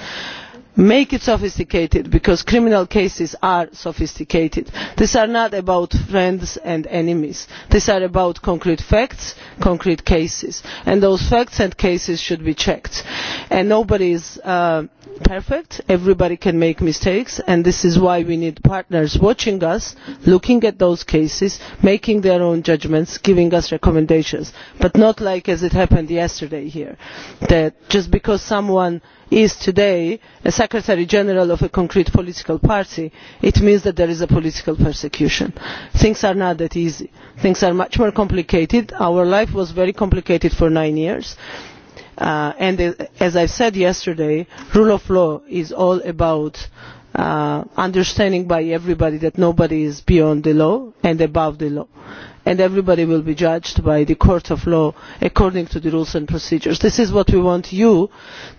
Speaker 19: make it sophisticated because criminal cases are sophisticated. these are not about friends and enemies these are about concrete facts concrete cases and those facts and cases should be checked. nobody is uh, perfect everybody can make mistakes and this is why we need partners watching us looking at those cases making their own judgments giving us recommendations but not like as it happened yesterday here that just because someone is today a secretary general of a concrete political party it means that there is a political persecution. things are not that easy. things are much more complicated. our life was very complicated for nine years uh, and as i said yesterday the rule of law is all about uh, understanding by everybody that nobody is beyond the law and above the law and everybody will be judged by the court of law according to the rules and procedures. this is what we want you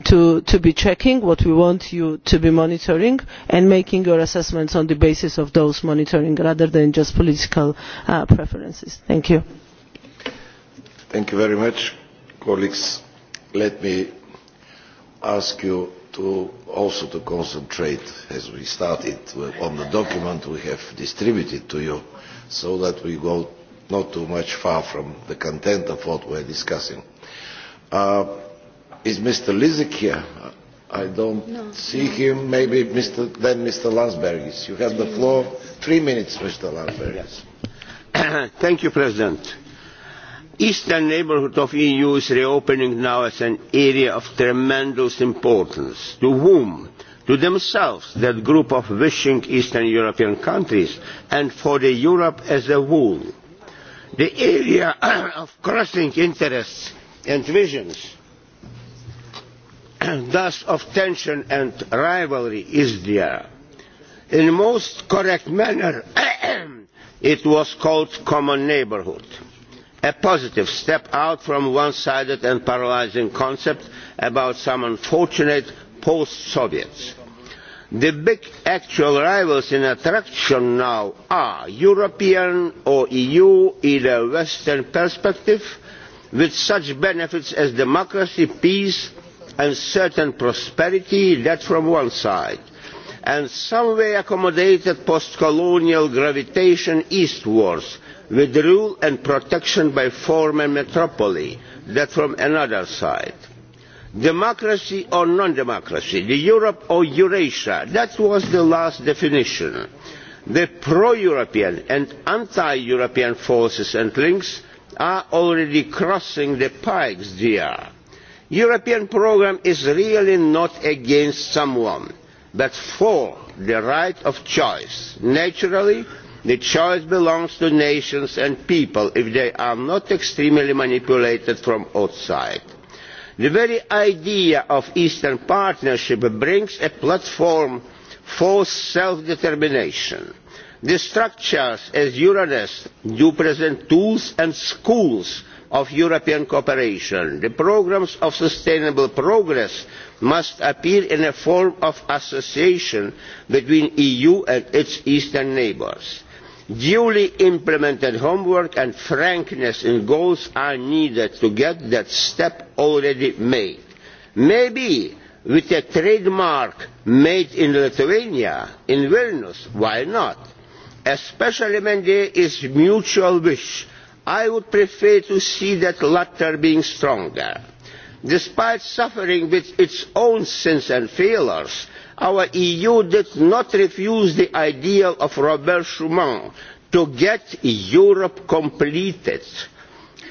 Speaker 19: to, be checking what we want you to be monitoring and making your assessments on the basis of those monitoring rather than just political uh, preferences. thank you.
Speaker 10: thank you very much. colleagues, let me ask you to also to concentrate as we started on the document we have distributed to you so that we go not too much far from the content of what we are discussing. Uh, is Mr. Lizek here? I don't no, see no. him. Maybe Mr. then Mr. Lansbergis. You have three the floor. Minutes. Three minutes, Mr. Lansbergis.
Speaker 18: Yes. Thank you, President. Eastern neighbourhood of EU is reopening now as an area of tremendous importance. To whom? To themselves, that group of wishing Eastern European countries, and for the Europe as a whole the area of crossing interests and visions thus of tension and rivalry is there. in the most correct manner it was called common neighbourhood a positive step out from one sided and paralysing concept about some unfortunate post soviets the big actual rivals in attraction now are european or eu in a western perspective with such benefits as democracy peace and certain prosperity that from one side and some way accommodated post colonial gravitation eastwards with rule and protection by former metropolis that from another side democracy or non democracy the europe or eurasia that was the last definition. the pro european and anti european forces and links are already crossing the pikes there. the european programme is really not against someone but for the right of choice. naturally the choice belongs to nations and people if they are not extremely manipulated from outside the very idea of eastern partnership brings a platform for self determination. the structures as euronest do present tools and schools of european cooperation. the programmes of sustainable progress must appear in a form of association between the eu and its eastern neighbours duly implemented homework and frankness in goals are needed to get that step already made. maybe with a trademark made in lithuania in vilnius why not? especially when there is mutual wish i would prefer to see that latter being stronger. despite suffering with its own sins and failures our eu did not refuse the ideal of robert schuman to get europe completed.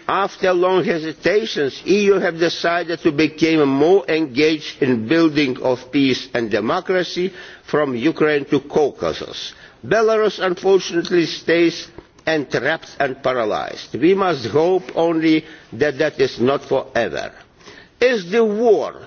Speaker 18: after long hesitations the eu has decided to become more engaged in building of peace and democracy from ukraine to caucasus. belarus unfortunately stays entrapped and paralysed. we must hope only that that is not forever. is the war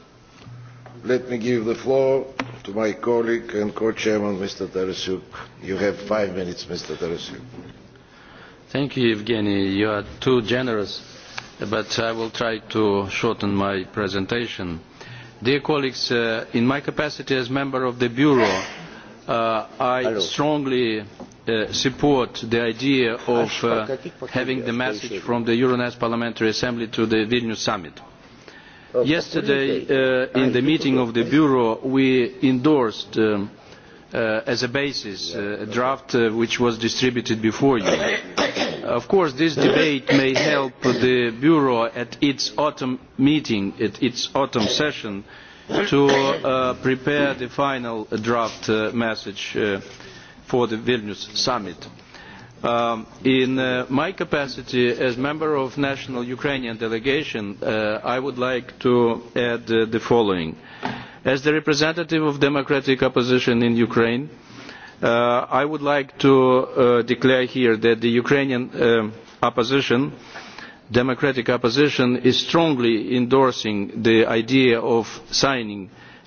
Speaker 10: Let me give the floor to my colleague and co-chairman, Mr. Tarasuk. You have five minutes, Mr. Tarasuk.
Speaker 1: Thank you, Evgeny. You are too generous, but I will try to shorten my presentation. Dear colleagues, uh, in my capacity as member of the Bureau, uh, I strongly uh, support the idea of having the message from the Euronest Parliamentary Assembly to the Vilnius Summit yesterday uh, in the meeting of the bureau we endorsed um, uh, as a basis uh, a draft uh, which was distributed before you. of course this debate may help the bureau at its autumn meeting at its autumn session to uh, prepare the final draft message for the vilnius summit Um, in uh, my capacity as member of the national ukrainian delegation uh, i would like to add uh, the following as the representative of the democratic opposition in ukraine i would like to declare here that the ukrainian opposition democratic opposition is strongly endorsing the idea of signing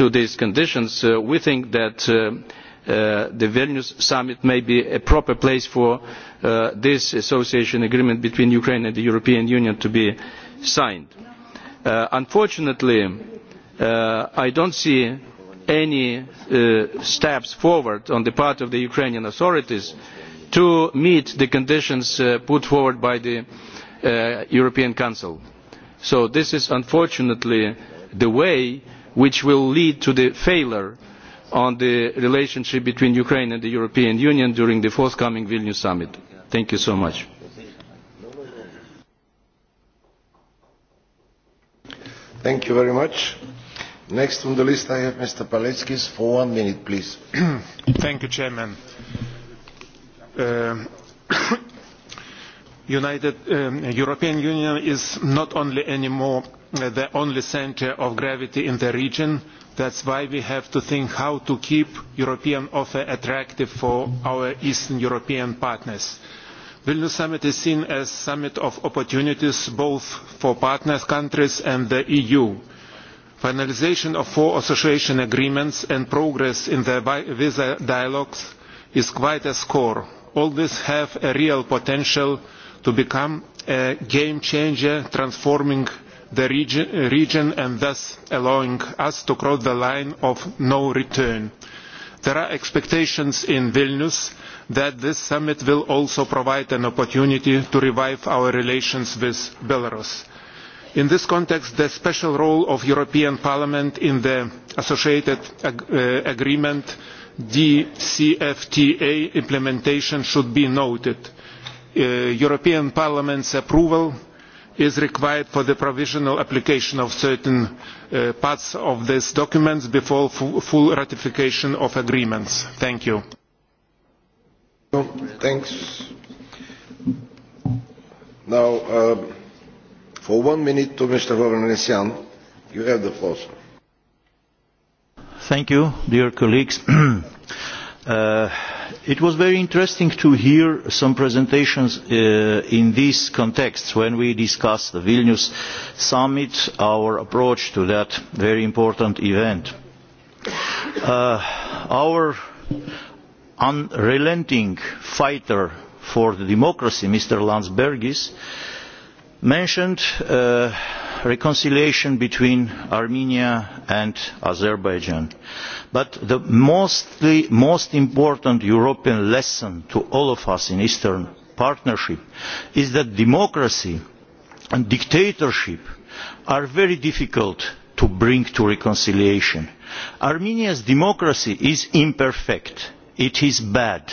Speaker 1: to these conditions uh, we think that uh, uh, the vilnius summit may be a proper place for this association agreement between ukraine and the european union to be signed. unfortunately i do not see any steps forward on the part of the ukrainian authorities to meet the conditions put forward by the european council so this is unfortunately the way which will lead to the failure on the relationship between Ukraine and the European Union during the forthcoming Vilnius summit. Thank you so much.
Speaker 10: Thank you very much. Next on the list I have Mr. Paleckis for one minute, please.
Speaker 20: Thank you, Chairman. Uh, United um, European Union is not only anymore Uh, the only centre of gravity in the region. That is why we have to think how to keep European offer attractive for our Eastern European partners. The Vilnius Summit is seen as a summit of opportunities both for partner countries and the EU. Finalisation of four association agreements and progress in the visa dialogues is quite a score. All this have a real potential to become a game changer transforming the region and thus allowing us to cross the line of no return. There are expectations in Vilnius that this summit will also provide an opportunity to revive our relations with Belarus. In this context, the special role of European Parliament in the associated uh, agreement DCFTA implementation should be noted. Uh, European Parliament's approval is required for the provisional application of certain uh, parts of these documents before full ratification of agreements. Thank you.
Speaker 10: Thanks. Now, uh, for one minute to Mr. Vavranesian, you have the floor.
Speaker 21: Thank you, dear colleagues. uh, it was very interesting to hear some presentations uh, in this context when we discussed the vilnius summit our approach to that very important event. Uh, our unrelenting fighter for democracy mr landsbergis mentioned uh, reconciliation between armenia and azerbaijan but the most important european lesson to all of us in eastern partnership is that democracy and dictatorship are very difficult to bring to reconciliation. armenia's democracy is imperfect it is bad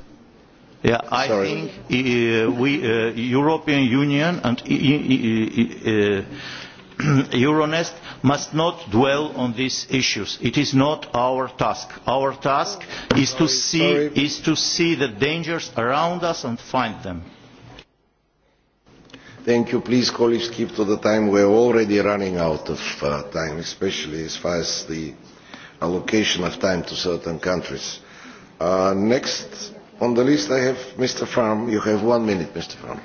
Speaker 21: i think the uh, European Union and uh, Euronest must not dwell on these issues. It is not our task. Our task is to see, the dangers around us and find them.
Speaker 10: Thank you. Please, colleagues, keep to the time. We are already running out of uh, time, especially as far as the allocation of time to certain countries. next the i have mr you have minute mr farm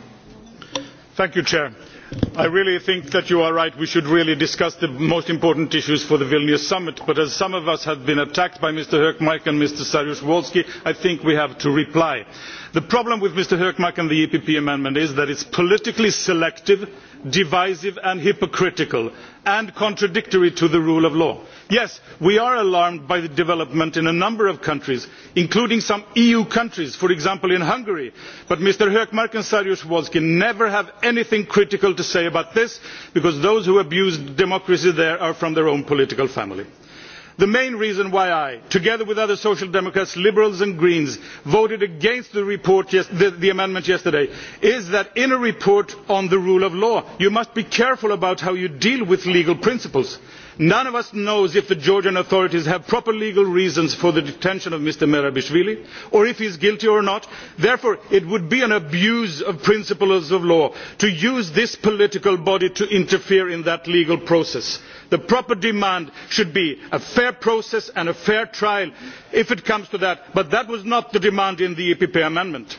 Speaker 5: i really think that you are right we should really discuss the most important issues for the vilnius summit but as some of us have been attacked by mr hkmark and mr saryusz i think we have to reply the problem with mr hkmark and the epp amendment is that it is politically selective divisive and hypocritical and contradictory to the rule of law. yes we are alarmed by the development in a number of countries including some eu countries for example in hungary but mr hkmark and saryusz wolski never have anything critical to say about this because those who abuse democracy there are from their own political family the main reason why i together with other social democrats liberals and greens voted against the, report the, amendment yesterday is that in a report on the rule of law you must be careful about how you deal with legal principles. none of us knows if the georgian authorities have proper legal reasons for the detention of mr merabishvili or if he is guilty or not. therefore it would be an abuse of principles of law to use this political body to interfere in that legal process the proper demand should be a fair process and a fair trial if it comes to that but that was not the demand in the epp amendment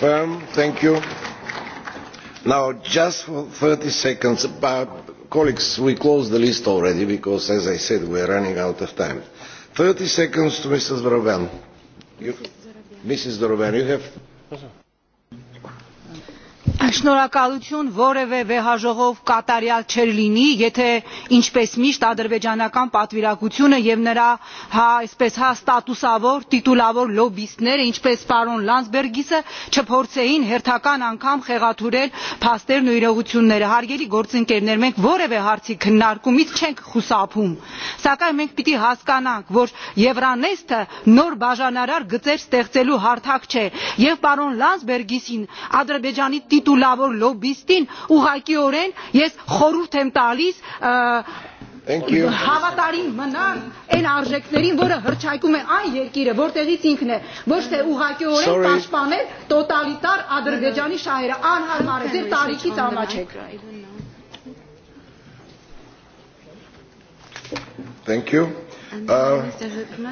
Speaker 10: firm. Thank you. Now, just for 30 seconds, uh, colleagues, we closed the list already because, as I said, we are running out of time. Thirty seconds to Mrs. Dorovan. Mrs. you have
Speaker 9: շնորհակալություն որևէ վեհաժողով կատարյալ չեր լինի եթե ինչպես միշտ ադրբեջանական պատվիրակությունը եւ նրա այսպես հա ստատուսավոր տիտուլավոր լոբիստները ինչպես պարոն Լանսբերգիսը, չփորձեին հերթական անգամ խեղաթուրել փաստերն ու իրողությունները հարգելի գործընկերներ մենք որևէ հարցի քննարկումից չենք խուսափում սակայն մենք պիտի հասկանանք որ եվրանեստը նոր բաժանարար գծեր ստեղծելու հարթակ չէ եւ պարոն Լանսբերգիսին ադրբեջանի u glavolobistin jest orustentali havarak lin bora hrčajte me aktire možete vi cinkne možete a druge đani anmarzentalić
Speaker 10: i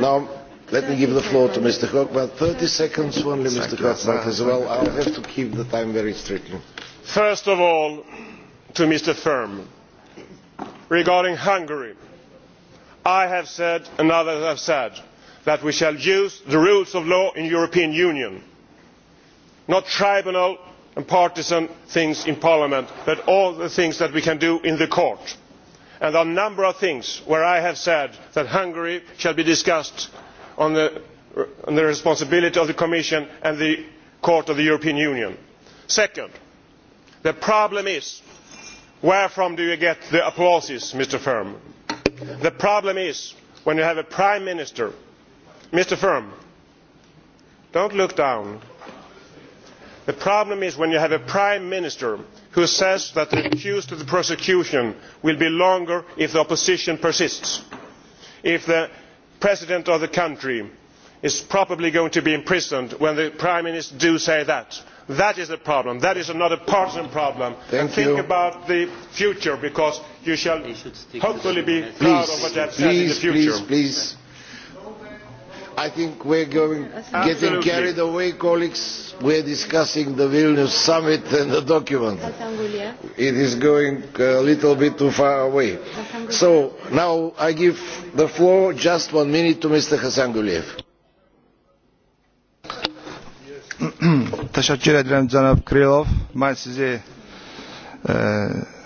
Speaker 10: Let me give the floor to Mr. Hochman. 30
Speaker 8: seconds only, Mr. Hochman, as well. I have to
Speaker 10: keep the time very strictly.
Speaker 8: First of all, to Mr. Firm, regarding Hungary, I have said and others have said that we shall use the rules of law in the European Union, not tribunal and partisan things in Parliament, but all the things that we can do in the court. And there are a number of things where I have said that Hungary shall be discussed on the, responsibility of the commission and the court of the european union. second the problem is where from do you get the applause mr firm? the problem is when you have a prime minister mr firm do not look down the problem is when you have a prime minister who says that the accused of the prosecution will be longer if the opposition persists if the president of the country is probably going to be imprisoned when the prime minister do say that. that is a problem. that is not a partisan problem. think about the future because you shall hopefully be proud of what you have in the future.
Speaker 10: I think we're going, getting carried away, colleagues. we are discussing the Vilnius summit and the document. It is going a little bit too far away. So now I give the floor just one minute to Mr. Hasanguliev.
Speaker 22: Teşekkür ederim Cənab Krilov. Mən sizi e,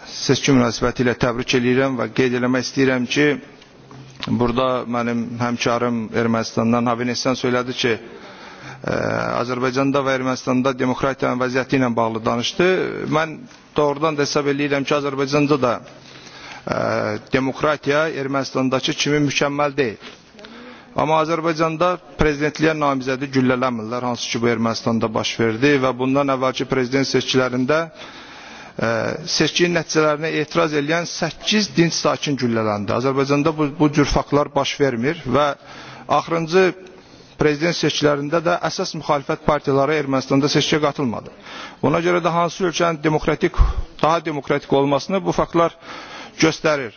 Speaker 22: seçki münasibətilə təbrik edirəm və qeyd eləmək istəyirəm ki, burada mənim həmkarım Ermənistandan Havenesyan söylədi ki, e, Azərbaycanda və Ermənistanda demokratiyanın vəziyyəti ilə bağlı danışdı. Mən doğrudan da hesab edirəm ki, Azərbaycanda da e, demokratiya Ermənistandakı kimi mükəmməl deyil. Amma Azərbaycanda prezidentliyə namizədi güllələmirlər, hansı ki bu Ermənistanda baş verdi və bundan əvvəlki prezident seçkilərində seçki nəticələrinə etiraz edən 8 dinç sakin güllələndi. Azərbaycanda bu, bu cür faktlar baş vermir və axırıncı prezident seçkilərində də əsas müxalifət partiyaları Ermənistanda seçkiyə qatılmadı. Ona görə də hansı ölkənin demokratik, daha demokratik olmasını bu faktlar göstərir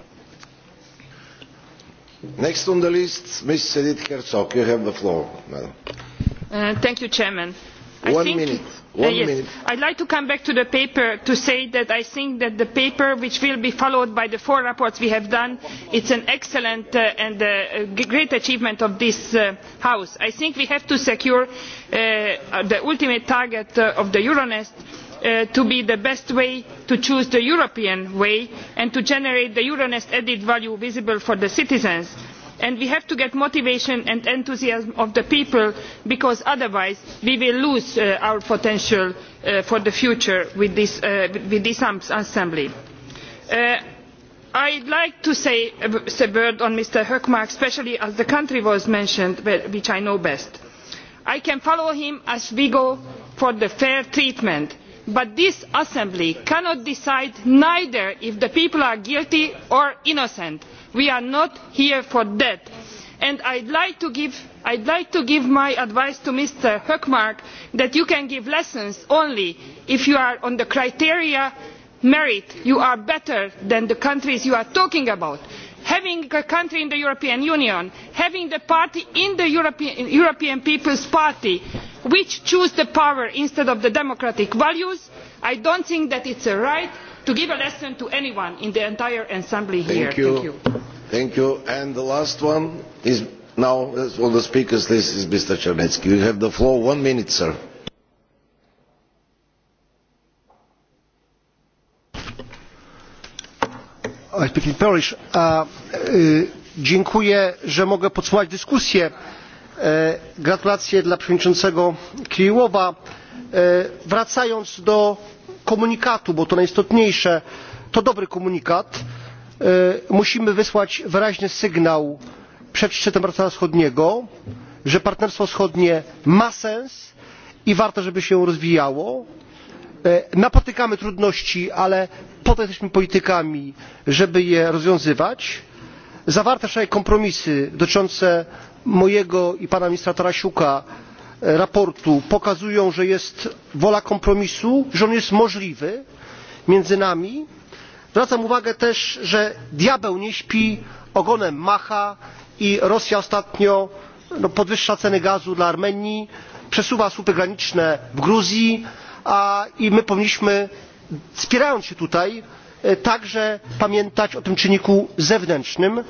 Speaker 10: Next on the list, Ms. Edith Herzog. You have the floor, uh,
Speaker 11: I would uh, like to come back to the paper to say that I think that the paper, which will be followed by the four reports we have done, is an excellent uh, and a great achievement of this House. I think we have to secure the ultimate target of the Euronest Uh, to be the best way to choose the european way and to generate the euronest added value visible for the citizens and we have to get motivation and enthusiasm of the people because otherwise we will lose uh, our potential uh, for the future with this, assembly. i would like to say a word on mr hkmark especially as the country was mentioned which i know best i can follow him as we go for the fair treatment but this assembly cannot decide either if the people are guilty or innocent. we are not here for that. i would like, to give my advice to mr hkmark that you can give lessons only if you are on the criteria of merit you are better than the countries you are talking about having a country in the european union having a party in the european, people's party which chooses the power instead of the democratic values i do not think that it is right to give a lesson to anyone in the entire assembly here.
Speaker 10: the last one is now uh, the speakers is mr you have the floor one minute sir.
Speaker 23: E, dziękuję że mogę podsumować dyskusję. E, gratulacje dla przewodniczącego kirilova. E, wracając do komunikatu bo to najistotniejsze to dobry komunikat. musimy wysłać wyraźny sygnał przed szczytem partnerstwa wschodniego że partnerstwo wschodnie ma sens i warto żeby się rozwijało E, napotykamy trudności ale po to jesteśmy politykami żeby je rozwiązywać. zawarte wczoraj kompromisy dotyczące mojego i pana ministra tarasiuka sprawozdania e, pokazują że jest wola kompromisu że on jest możliwy między nami. zwracam uwagę też że diabeł nie śpi ogonem macha i rosja ostatnio podwyższa ceny gazu dla armenii przesuwa słupy graniczne w gruzji a, i my powinniśmy wspierając się tutaj e, także pamiętać o tym czynniku zewnętrznym e,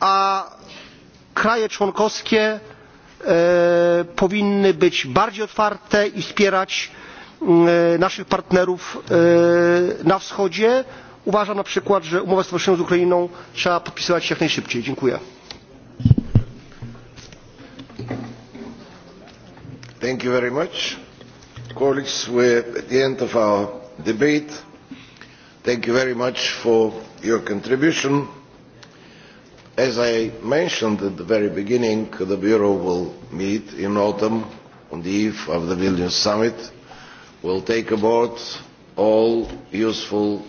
Speaker 23: a kraje członkowskie e, powinny być bardziej otwarte i wspierać naszych partnerów na wschodzie. uważam na przykład że umowę stowarzyszeniową z ukrainą trzeba podpisywać jak najszybciej. dziękuję.
Speaker 10: Thank you very much. Colleagues, we're at the end of our debate. Thank you very much for your contribution. As I mentioned at the very beginning, the Bureau will meet in autumn on the eve of the Vilnius Summit. We'll take aboard all useful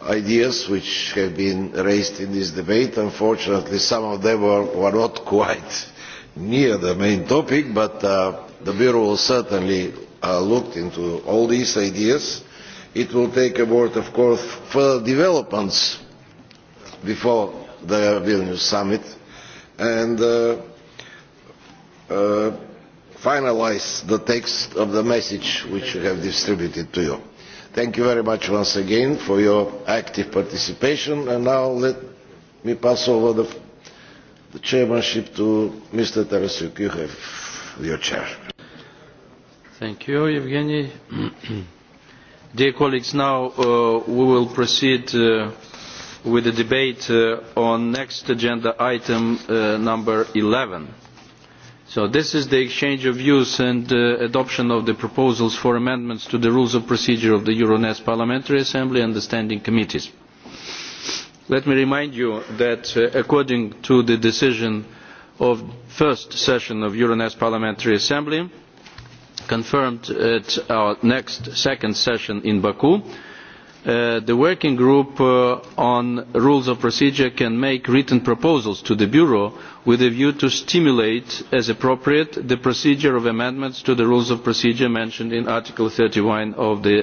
Speaker 10: ideas which have been raised in this debate. Unfortunately, some of them were, were not quite near the main topic, but uh, the Bureau will certainly uh, look into all these ideas. It will take board of course, further developments before the Vilnius summit and finalise uh, uh, finalize the text of the message which we have distributed to you. Thank you very much once again for your active participation and now let me pass over the, the chairmanship to Mr. Tarasuk. You have
Speaker 1: your chair. Thank you, Evgeny. Dear colleagues, now uh, we will proceed uh, with the debate uh, on next agenda item number 11. So this is the exchange of views and adoption of the proposals for amendments to the rules of procedure of the Euronest Parliamentary Assembly and the standing committees. Let me remind you that according to the decision of the first session of Euronest Parliamentary Assembly, confirmed at our next second session in Baku. Uh, the working group uh, on rules of procedure can make written proposals to the bureau with a view to stimulate as appropriate the procedure of amendments to the rules of procedure mentioned in article thirty one of the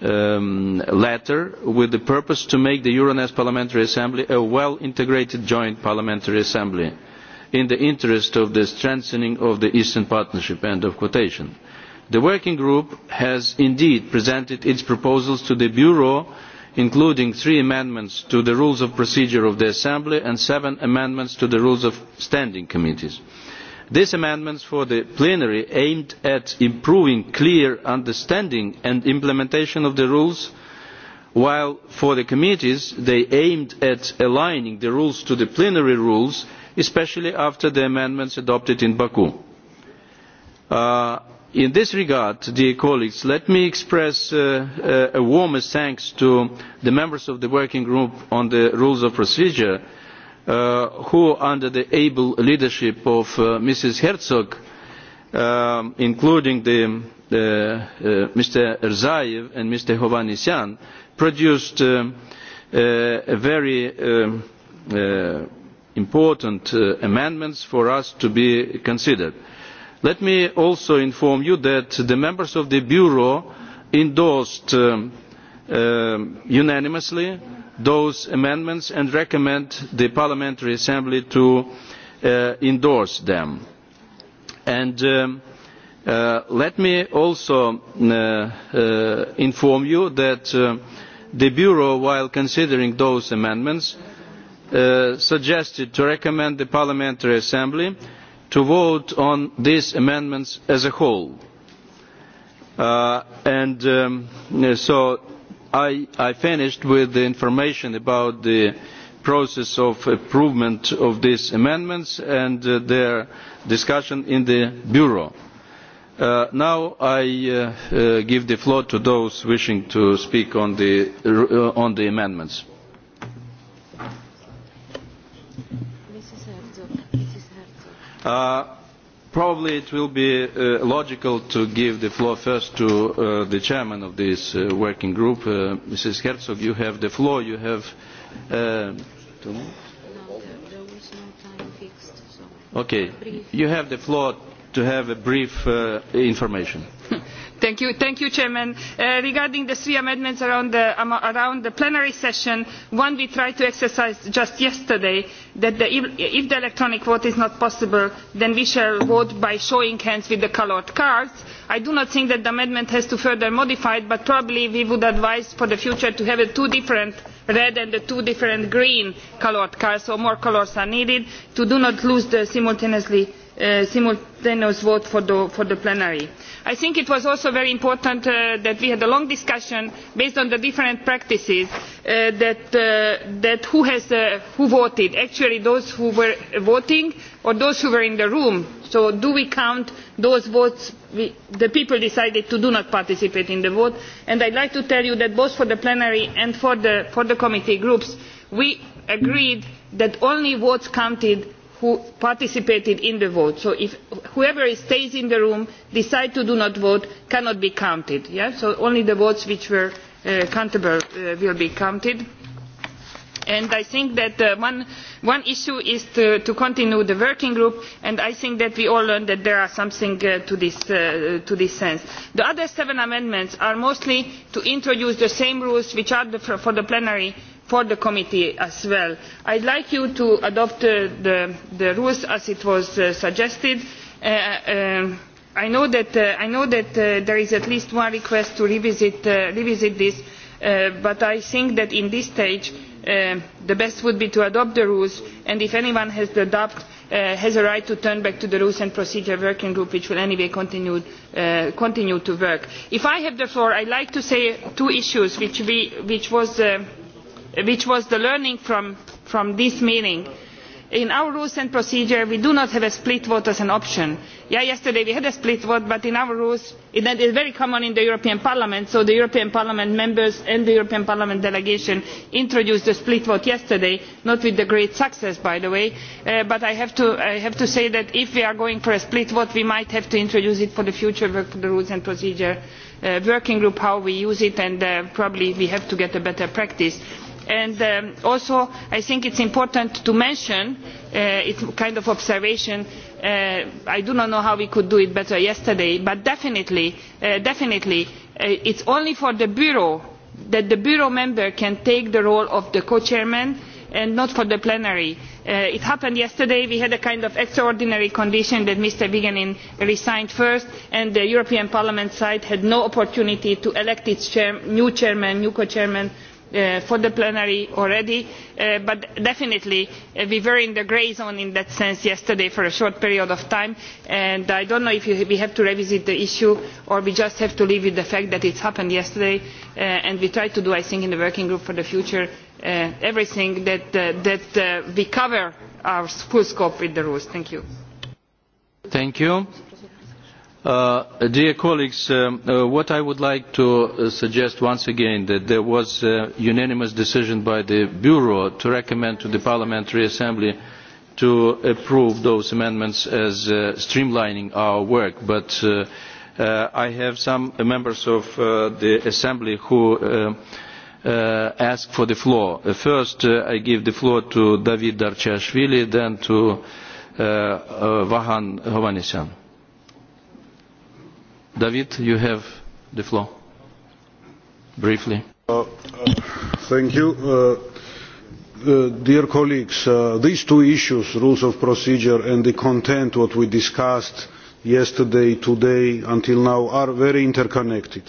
Speaker 1: um, letter with the purpose to make the euronest parliamentary assembly a well integrated joint parliamentary assembly in the interest of the strengthening of the Eastern Partnership. End of quotation. The working group has indeed presented its proposals to the Bureau, including three amendments to the rules of procedure of the Assembly and seven amendments to the rules of standing committees. These amendments for the plenary aimed at improving clear understanding and implementation of the rules while for the committees they aimed at aligning the rules to the plenary rules especially after the amendments adopted in baku. Uh, in this regard dear colleagues let me express uh, uh, a warmest thanks to the members of the working group on the rules of procedure who under the able leadership of mrs Herzog um, including mr erzaev and mr hovhannisyan produced um, a very um, important uh, amendments for us to be considered. let me also inform you that the members of the bureau endorsed um, um, unanimously those amendments and recommend the parliamentary assembly to uh, endorse them. Um, uh, let me also inform you that the bureau while considering those amendments Uh, suggested to recommend the Parliamentary Assembly to vote on these amendments as a whole. Uh, and um, so I, I finished with the information about the process of improvement of these amendments and uh, their discussion in the Bureau. now I give the floor to those wishing to speak on the, on the amendments. Uh, probably it will be uh, logical to give the floor first to uh, the chairman of this uh, working group, uh, Mrs. Herzog. You have the floor. You have no
Speaker 10: fixed. So... Okay,
Speaker 1: you have the floor to have a brief information.
Speaker 11: Thank you, uh, regarding the three amendments around the, um, the plenary session, one we tried to exercise just yesterday that if the electronic vote is not possible, then we shall vote by showing hands with the coloured cards. I do not think that the amendment has to further modify it, but probably we would advise for the future to have two different red and two different green coloured cards, so more colours are needed to do not lose the simultaneously Uh, simultaneous vote for the, for the plenary. i think it was also very important uh, that we had a long discussion based on the different practices uh, that, that who, has, who voted actually those who were voting or those who were in the room. so do we count those votes the people decided to do not participate in the vote? and i would like to tell you that both for the plenary and for the, for the committee groups we agreed that only votes counted who participated in the vote so if whoever stays in the room decides to do not vote cannot be counted so only the votes which were uh, countable uh, will be counted and i think that uh, one, one issue is to, continue the working group and i think that we all learned that there is something to, this, to this sense. the other seven amendments are mostly to introduce the same rules which are for the plenary for the committee as well. i would like you to adopt uh, the, rules as it was uh, suggested. Uh, um, i know that, there is at least one request to revisit, this but i think that in this stage the best would be to adopt the rules and if anyone has the doubt has a right to turn back to the rules and procedure working group which will anyway continue, continue to work. if i have the floor i would like to say two issues which, we, which was which was the learning from, this meeting in our rules and procedure we do not have a split vote as an option. yesterday we had a split vote but in our rules that is very common in the european parliament so the european parliament members and the european parliament delegation introduced the split vote yesterday not with great success by the way uh, but I have, to, say that if we are going for a split vote we might have to introduce it for the future work the rules and procedure uh, working group how we use it and uh, probably we have to get a better practice and um, also i think it is important to mention uh, it is kind of observation uh, i do not know how we could do it better yesterday but definitely, uh, it is only for the bureau that the bureau member can take the role of the co chair and not for the plenary. it happened yesterday we had a kind of extraordinary condition that mr vigenin resigned first and the european parliament side had no opportunity to elect its new chairman new co chairman Uh, for the plenary already uh, but definitely uh, we were in the grey zone in that sense yesterday for a short period of time and i do not know if we have to revisit the issue or we just have to live with the fact that it happened yesterday and we try to do i think in the working group for the future everything that, we cover our full scope with the rules. Thank you.
Speaker 1: Uh, dear colleagues, um, uh, what I would like to uh, suggest once again that there was a unanimous decision by the Bureau to recommend to the Parliamentary Assembly to approve those amendments as streamlining our work, but I have some members of the Assembly who ask for the floor. First I give the floor to David Darchashvili, then to Vahan Hovanesyan. David, you have the floor. Briefly.
Speaker 24: Uh, uh, thank you. Uh, dear colleagues, these two issues, rules of procedure and the content what we discussed yesterday, today, until now, are very interconnected.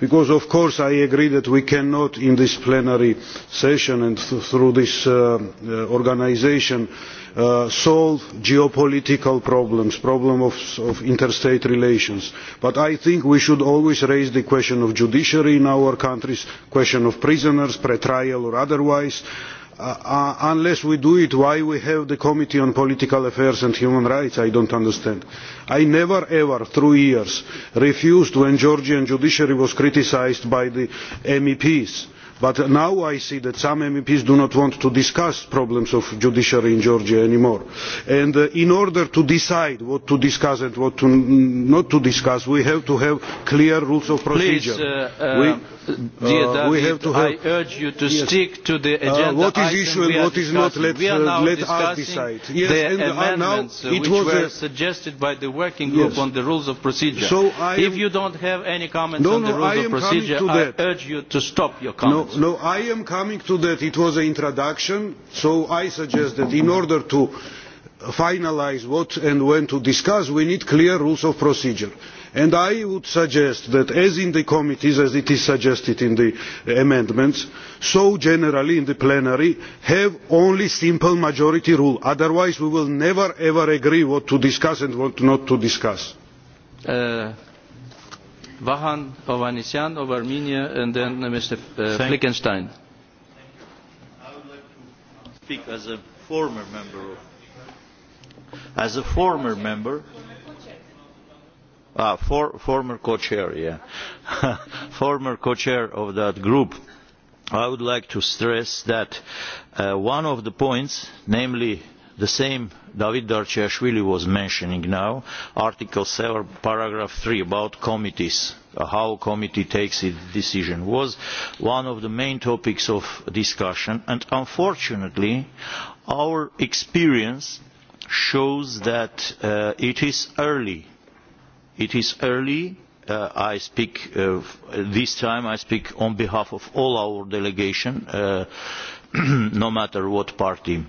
Speaker 24: Because of course I agree that we cannot in this plenary session and through this organisation Uh, solve geopolitical problems problem of, interstate relations but i think we should always raise the question of judiciary in our countries question of prisoners pre trial or otherwise uh, uh, unless we do it why we have the committee on political affairs and human rights i not understand i never ever through years refused when georgian judiciary was criticised by the meps but now i see that some meps do not want to discuss problems of judiciary in georgia anymore and uh, in order to decide what to discuss and what not to discuss we have to have clear rules of procedure. Uh,
Speaker 12: Dear uh, David, uh, we have to have... I urge you to yes. stick to the uh, agenda. what is issue and what is not, let, let us decide. Yes, the and amendments now it which was were a...
Speaker 1: suggested by the working group yes. on the rules of procedure. So I am... If you don't have any comments no, on the rules of procedure, I urge you to stop your comments.
Speaker 24: No, no, I am coming to that. It was an introduction, so I suggest that in order to finalize what and when to discuss, we need clear rules of procedure and i would suggest that as in the committees as it is suggested in the amendments so generally in the plenary have only simple majority rule otherwise we will never ever agree what to discuss and what not to
Speaker 1: discuss. Uh, uh, uh,
Speaker 21: speak as a former member. As a former member Ah, former co chair former co chair of that group i would like to stress that uh, one of the points namely the same david dargaevskyli was mentioning now article 7 paragraph 3 about committees uh, how a committee takes its decision was one of the main topics of discussion and unfortunately our experience shows that uh, it is early it is early uh, i speak uh, this time i speak on behalf of all our delegation uh, no matter what party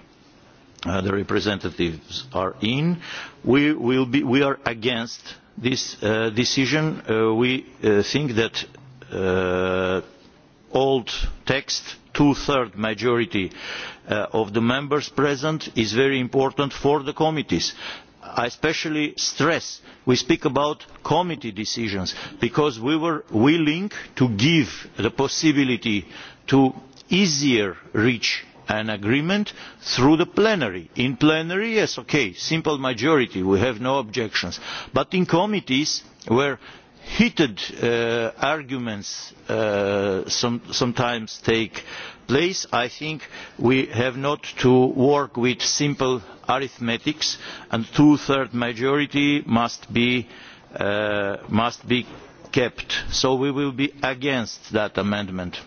Speaker 21: the representatives are in we are against this decision we think that the old text two thirds majority of the members present is very important for the committees i especially stress we speak about committee decisions because we were willing to give the possibility to easier reach an agreement through the plenary. in plenary yes ok simple majority we have no objections but in committees where heated uh, arguments uh, sometimes take place i think we have not to work with simple arithmetics and a two third majority uh, must be, kept so we will be against that amendment.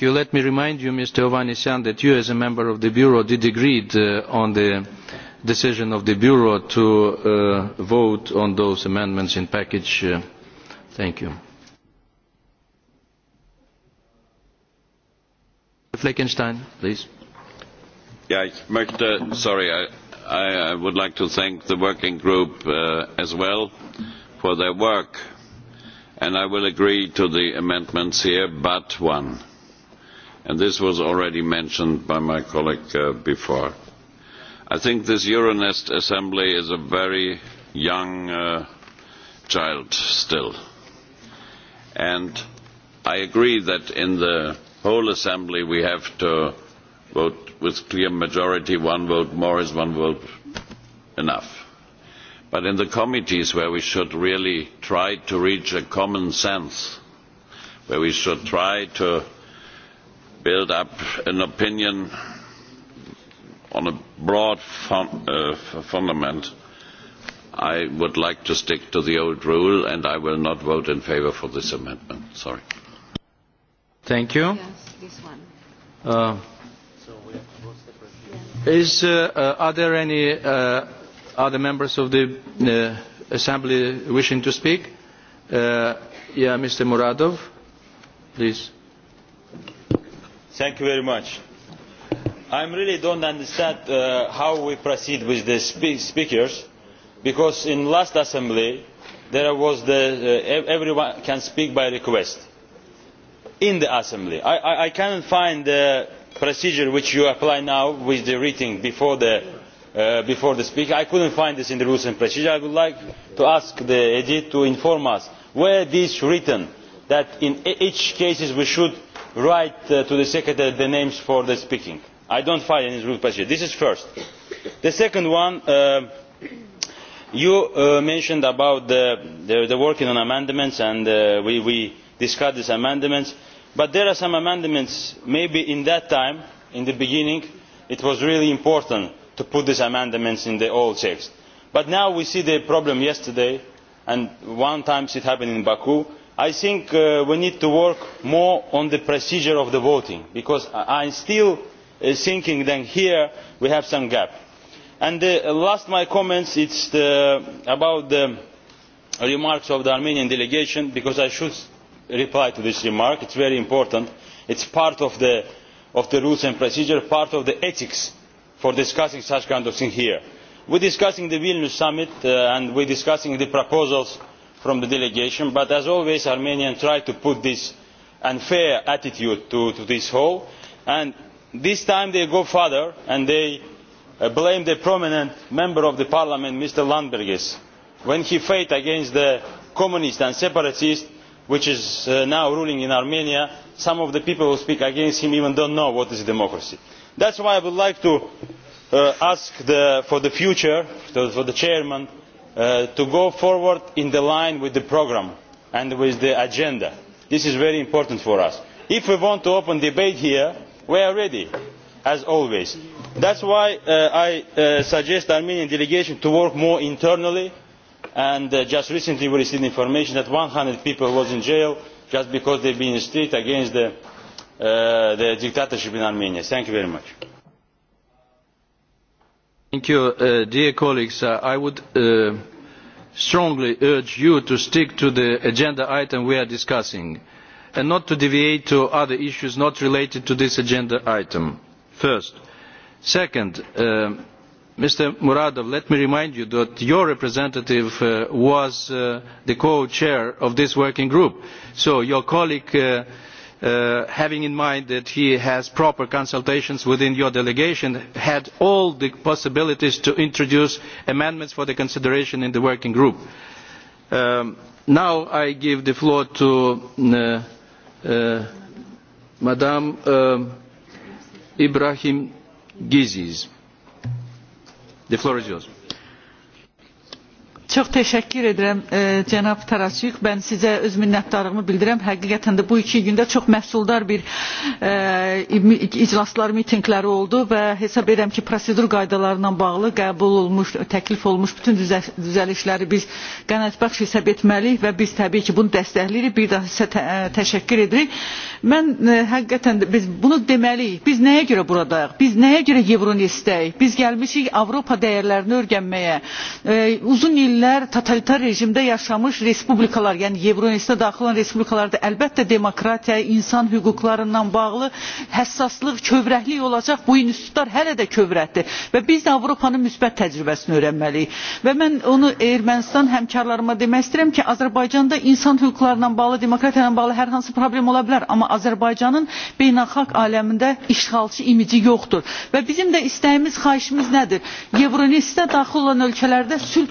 Speaker 1: let me remind you mr ovanesyan that you as a member of the bureau did agreed on the decision of the Bureau to uh, vote on those amendments in package. Uh, thank you. Fleckenstein, please.
Speaker 17: Uh, sorry, I, I would like to thank the working group as well for their work. And I will agree to the amendments here, but one. And this was already mentioned by my colleague before. I think this Euronest assembly is a very young uh, child still. And I agree that in the whole assembly we have to vote with clear majority, one vote more is one vote enough. But in the committees where we should really try to reach a common sense, where we should try to build up an opinion on a broad fun, uh, fundament, I would like to stick to the old rule and I will not vote in favor for this amendment.
Speaker 1: Sorry. Thank you. Yes, this one. Uh, is, uh, uh are there any uh, other members of the uh, assembly wishing to speak? Uh, yeah, Mr.
Speaker 4: Muradov, please. Thank you very much i really do not understand uh, how we proceed with the speakers because in the last assembly there was the, uh, everyone can speak by request in the assembly. i, I, cannot find the procedure which you apply now with the reading before the, uh, before the speaker. i could not find this in the rules and procedure. i would like to ask the edit to inform us where this is written that in e-, each case we should write to the secretary the names for the speaking i do not find any root passage. this is first. the second one uh, you uh, mentioned about the, working on amendments and uh, we, discussed these amendments but there are some amendments maybe in that time in the beginning it was really important to put these amendments in the old text but now we see the problem yesterday and one time it happened in baku i think we need to work more on the procedure of the voting because i still thinking uh, then here we have some gap. And the uh, last my comments is about the remarks of the Armenian delegation because I should reply to this remark. It is very important. It is part of the, rules and procedure, part of the ethics for discussing such kind of thing here. We are discussing the Vilnius summit uh, and we are discussing the proposals from the delegation, but as always Armenians try to put this unfair attitude to, to this whole and this time they go further and they uh, blame the prominent member of parliament mr landsbergis when he fought against the communists and separatists which is uh, now ruling in armenia some of the people who speak against him even don't know what is democracy. that is why i would like to uh, ask for the future for the chairman to go forward in line with the programme and with the agenda. this is very important for us. if we want to open debate here we are ready as always. that is why uh, i uh, suggest the armenian delegation to work more internally and uh, just recently we received information that one hundred people were in jail just because they had been in the street against the, the dictatorship in armenia. thank you very much.
Speaker 1: Thank you, dear colleagues i would strongly urge you to stick to the agenda item we are discussing and not to deviate to other issues not related to this agenda item. First. Second, uh, Mr Muradov, let me remind you that your representative uh, was uh, the co chair of this working group, so your colleague, having in mind that he has proper consultations within your delegation, had all the possibilities to introduce amendments for the consideration in the working group. Um, now I give the floor to E, Madame e, Ibrahim Gizis. The floor is yours.
Speaker 9: Çox təşəkkür edirəm e, cənab Tarasyuk. Mən sizə öz minnətdarlığımı bildirirəm. Həqiqətən də bu iki gündə çox məhsuldar bir e, iclaslar, mitinqlər oldu və hesab edirəm ki, prosedur qaydalarına bağlı qəbul olmuş, təklif olmuş bütün düzəlişləri biz qənaətbəxş hesab etməliyik və biz təbii ki, bunu dəstəkləyirik. Bir daha sizə tə, ə, e, təşəkkür edirik. Mən e, həqiqətən də biz bunu deməliyik. Biz nəyə görə buradayıq? Biz nəyə görə Euronestəyik? Biz gəlmişik Avropa dəyərlərini öyrənməyə. E, uzun illər ermeniler totalitar rejimdə yaşamış respublikalar yəni Yevroinstitutə daxil olan respublikalarda əlbəttə demokratiya, insan hüquqlarından bağlı həssaslıq, kövrəklik olacaq. Bu institutlar hələ də kövrətdir və biz də Avropanın müsbət təcrübəsini öyrənməliyik. Və mən onu Ermənistan həmkarlarıma demək istəyirəm ki, Azərbaycanda insan ilə bağlı, demokratiya bağlı hər hansı problem ola bilər, amma Azərbaycanın beynəlxalq aləmində işğalçı imici yoxdur. Və bizim də istəyimiz, xahişimiz nədir? Yevroinstitutə daxil olan ölkələrdə sülh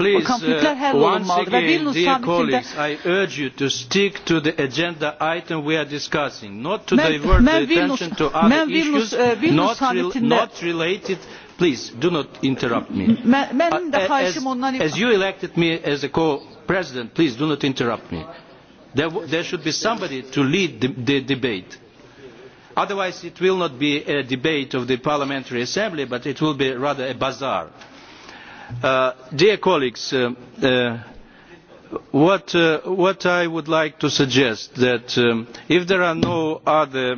Speaker 1: Dakle, uh, once again, dear colleagues, I urge you to stick to the agenda item we are discussing, not to divert the attention to other issues uh, not, related please do not interrupt me. Uh, as, you elected me as a co president please do not interrupt me. there, should be somebody to lead the debate otherwise it will not be a debate of the parliamentary assembly but it will be rather a bazaar. Uh, dear colleagues uh, uh, what, i would like to suggest is that um, if there are no other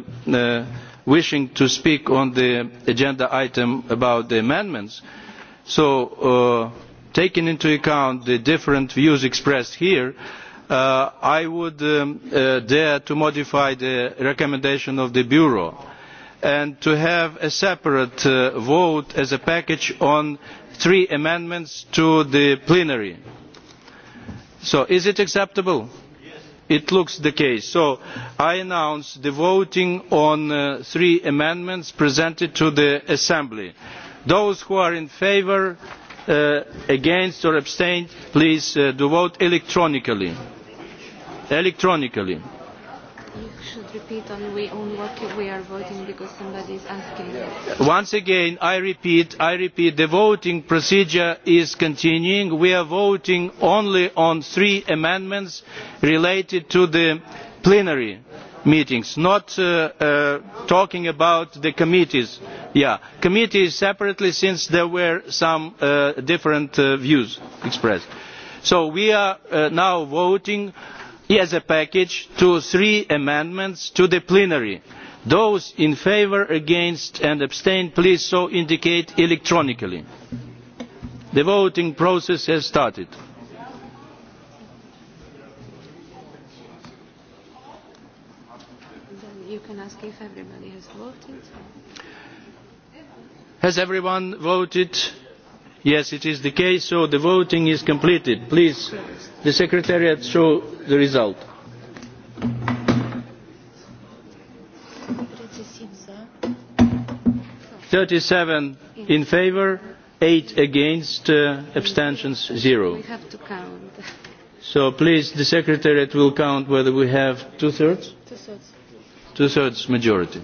Speaker 1: wishing to speak on the agenda item about the amendments so taking into account the different views expressed here i would um, dare to modify the recommendation of the bureau and to have a separate vote as a package on three amendments to the plenary. So is it acceptable? It looks the case. So I announce the voting on uh, three amendments presented to the Assembly. Those who are in favour, uh, against or abstained, please uh, do vote electronically. Electronically
Speaker 11: on, we are voting because somebody is asking.
Speaker 1: Once again, I repeat, I repeat, the voting procedure is continuing. We are voting only on three amendments related to the plenary meetings, not uh, uh, talking about the committees. Yeah, committees separately since there were some uh, different uh, views expressed. So we are uh, now voting He has a package to three amendments to the plenary. those in favour against and abstain please so indicate electronically. the voting process has started.
Speaker 11: You ask if everybody has voted.
Speaker 1: Has everyone voted? yes it is the case so the voting is completed. please the secretariat show the result. thirty seven in favour eight against uh, abstentions zero. so please the secretariat will count whether we have two thirds two thirds majority.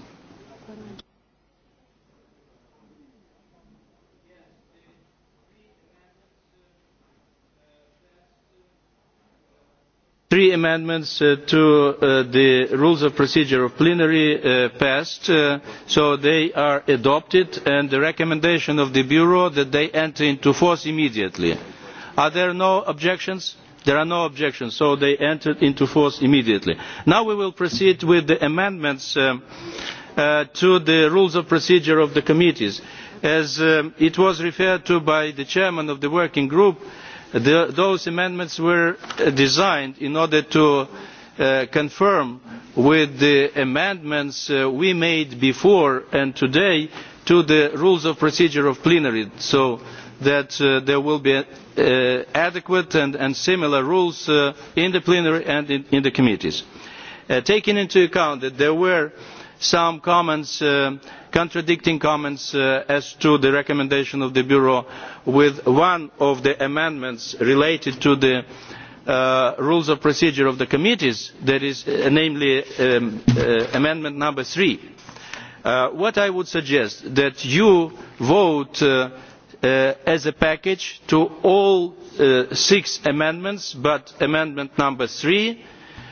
Speaker 1: three amendments uh, to uh, the rules of procedure of plenary uh, passed so they are adopted and the recommendation of the bureau that they enter into force immediately. are there no objections? there are no objections so they entered into force immediately. now we will proceed with the amendments um, to the rules of procedure of the committees. as um, it was referred to by the chairman of the working group those amendments were uh, designed in order to uh, confirm with the amendments uh, we made before and today to the rules of procedure of plenary so that there will be adequate and, similar rules in the plenary and in the committees. taking into account that there were some comments uh, contradicting comments uh, as to the recommendation of the bureau with one of the amendments related to the uh, rules of procedure of the committees that is namely um, amendment number three. what i would suggest is that you vote as a package to all six amendments but amendment number three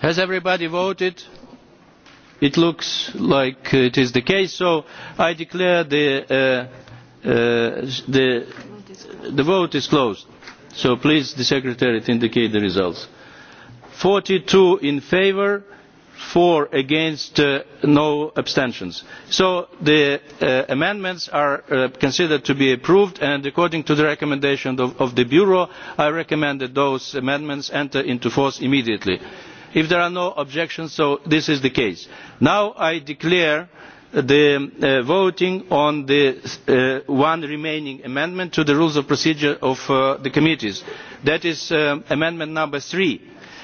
Speaker 1: has everybody voted? It looks like it is the case, so I declare the, uh, uh, the, the vote is closed. So please, the Secretary, indicate the results. 42 in favour, four against uh, no abstentions. so the uh, amendments are uh, considered to be approved and according to the recommendation of, the bureau i recommend that those amendments enter into force immediately. if there are no objections so this is the case. now i declare the voting on the one remaining amendment to the rules of procedure of the committees that is amendment number three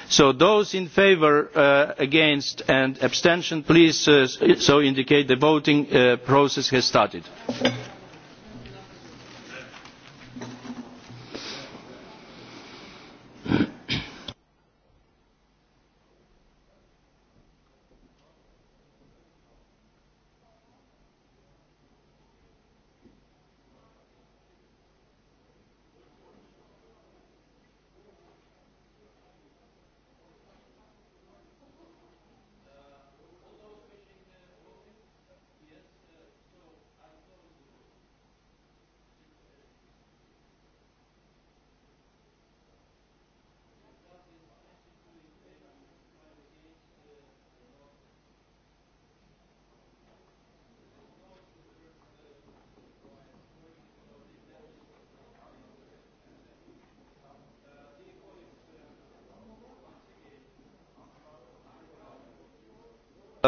Speaker 1: so those in favour uh, against and abstention please uh, so indicate the voting uh, process has started.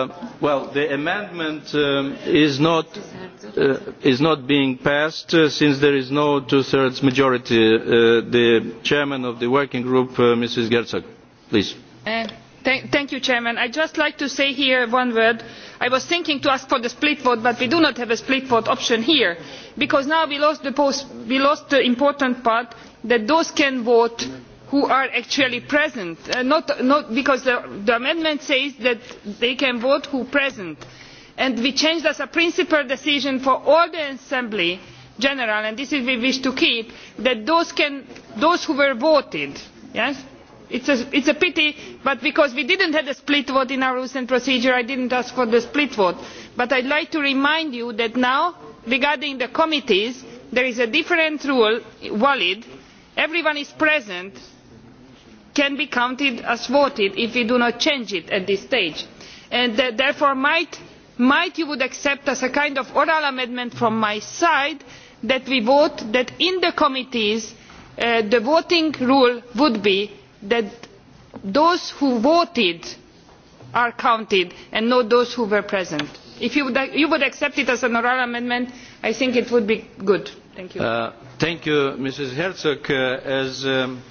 Speaker 1: Uh, well the amendment um, uh, is not being passed uh, since there is no two thirds majority the chairman of the working group mrs Gerzog, please
Speaker 11: thank you chairman i just like to say here one word i was thinking to ask for the split vote but we do not have a split vote option here because now we lost the we lost the important part that those can vote who are actually present uh, not, because the, amendment says that they can vote who are present and we changed as a principal decision for all the assembly general and this is we wish to keep that those, those who were voted yes? it is a pity but because we did not have a split vote in our rules and procedure i did not ask for the split vote but i would like to remind you that now regarding the committees there is a different rule valid everyone is present can be counted as voted if we do not change it at this stage and therefore might, you would accept as a kind of oral amendment from my side that we vote that in the committees uh, the voting rule would be that those who voted are counted and not those who were present. if you would, accept it as an oral amendment i think it would be good. thank you.
Speaker 1: Uh, mrs Herzog. Uh, um,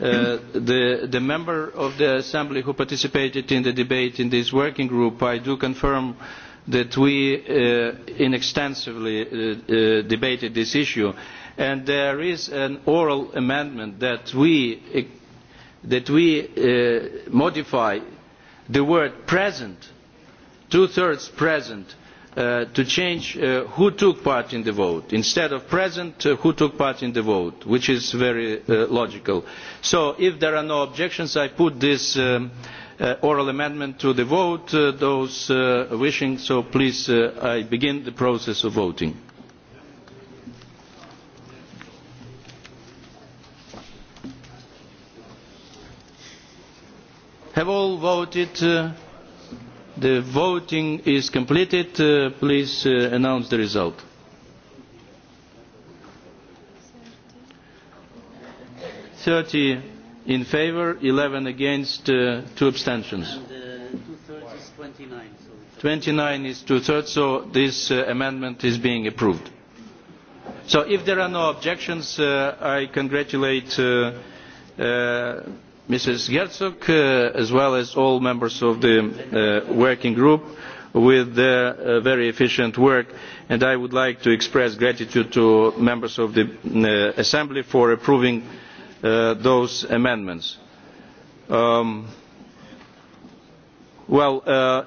Speaker 1: Uh, the, the member of the assembly who participated in the debate in this working group i do confirm that we uh, inextensively extensively uh, debated this issue and there is an oral amendment that we modify the word present two thirds present' Uh, to change uh, who took part in the vote instead of present uh, who took part in the vote which is very logical. so if there are no objections i put this um, oral amendment to the vote. those wishing so please i begin the process of voting. have all voted? The voting is completed. Uh, please uh, announce the result. Thirty in favor, eleven against, uh, two abstentions. Uh, Twenty nine is two thirds, so this amendment is being approved. So if there are no objections, I congratulate Mrs. herczog uh, as well as all members of the uh, working group with their uh, very efficient work and I would like to express gratitude to members of the Assembly for approving those amendments. Um,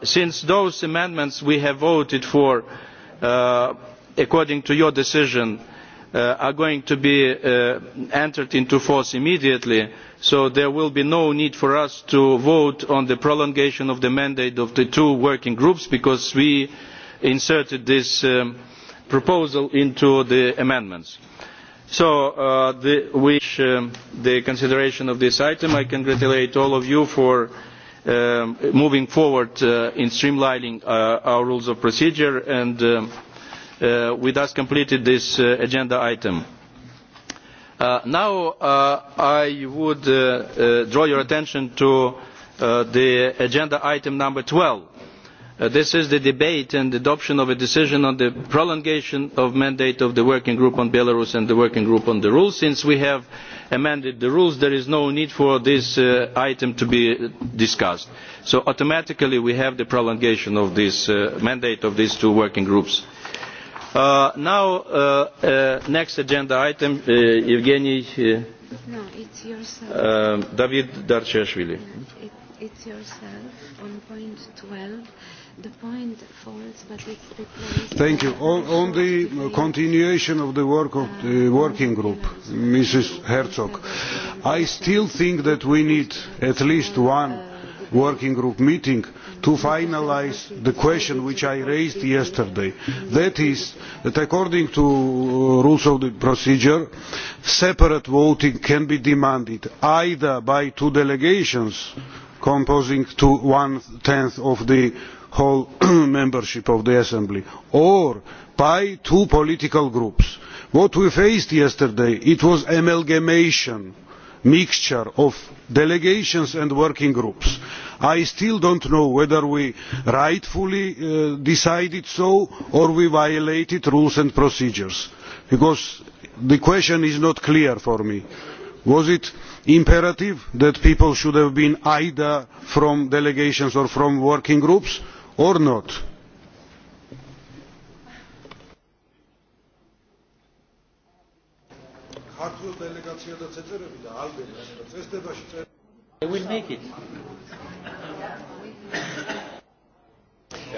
Speaker 1: since those amendments we have voted for according to your decision Uh, are going to be uh, entered into force immediately so there will be no need for us to vote on the prolongation of the mandate of the two working groups because we inserted this um, proposal into the amendments. So uh, wish um, the consideration of this item. I congratulate all of you for um, moving forward in streamlining our rules of procedure and Uh, we thus completed this uh, agenda item. Uh, now i would draw your attention to the agenda item number twelve this is the debate and adoption of a decision on the prolongation of the mandate of the working group on belarus and the working group on the rules. since we have amended the rules there is no need for this item to be discussed so automatically we have the prolongation of this mandate of these two working groups. Uh, now, uh, uh, next agenda item, uh, Evgeny uh,
Speaker 6: no, it's yourself.
Speaker 1: Uh, David Darcheshvili.
Speaker 11: It, it's yourself on point
Speaker 10: 12.
Speaker 6: The point falls, but it's replaced.
Speaker 24: Thank you. On, on the continuation of the work of the working group, Mrs. Herzog, I still think that we need at least one working group meeting to finalise the question which i raised yesterday that is that according to the uh, rules of the procedure separate voting can be demanded either by two delegations composing one tenth of the whole membership of the assembly or by two political groups. what we faced yesterday was an amalgamation mixture of delegations and working groups i still do not know whether we rightfully uh, decided so or we violated rules and procedures because the question is not clear for me was it imperative that people should have been either from delegations or from working groups or not? I will make it.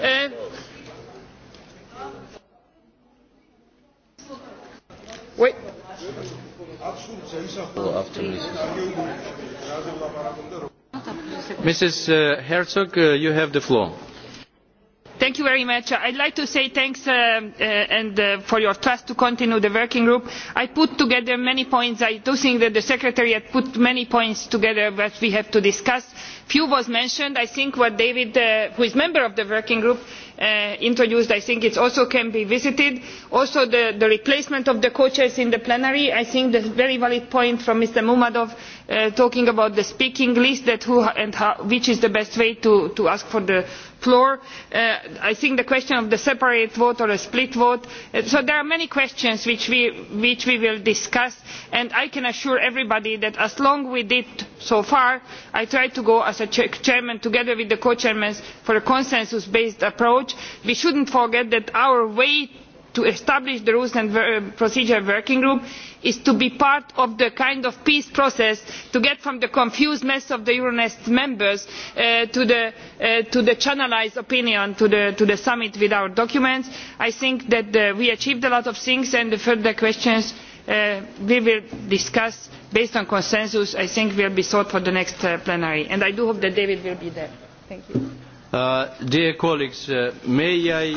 Speaker 9: E... Eh.
Speaker 1: Oui. Mrs. Herzog, uh, you have the floor
Speaker 11: thank you very much. i would like to say thanks uh, uh, and, uh, for your trust to continue the working group. i put together many points. i do think that the Secretary had put many points together that we have to discuss. few was mentioned. i think what david who is a member of the working group introduced i think it also can be visited. also the, the replacement of the co chairs in the plenary i think the very valid point from mr mammadov talking about the speaking list that who and how, which is the best way to, to ask for the floor. Uh, I think the question of the separate vote or a split vote. Uh, so there are many questions which we, which we will discuss and I can assure everybody that as long as we did so far, I tried to go as a chairman together with the co-chairmen for a consensus based approach. We should not forget that our way to establish the Rules and uh, Procedure Working Group is to be part of the kind of peace process to get from the confused mess of the euronest members uh, to the, uh, channelised opinion to the, summit with our documents. i think that uh, we achieved a lot of things and the further questions we will discuss based on consensus i think will be sought for the next plenary and i do hope that david will be there.
Speaker 1: colleagues may i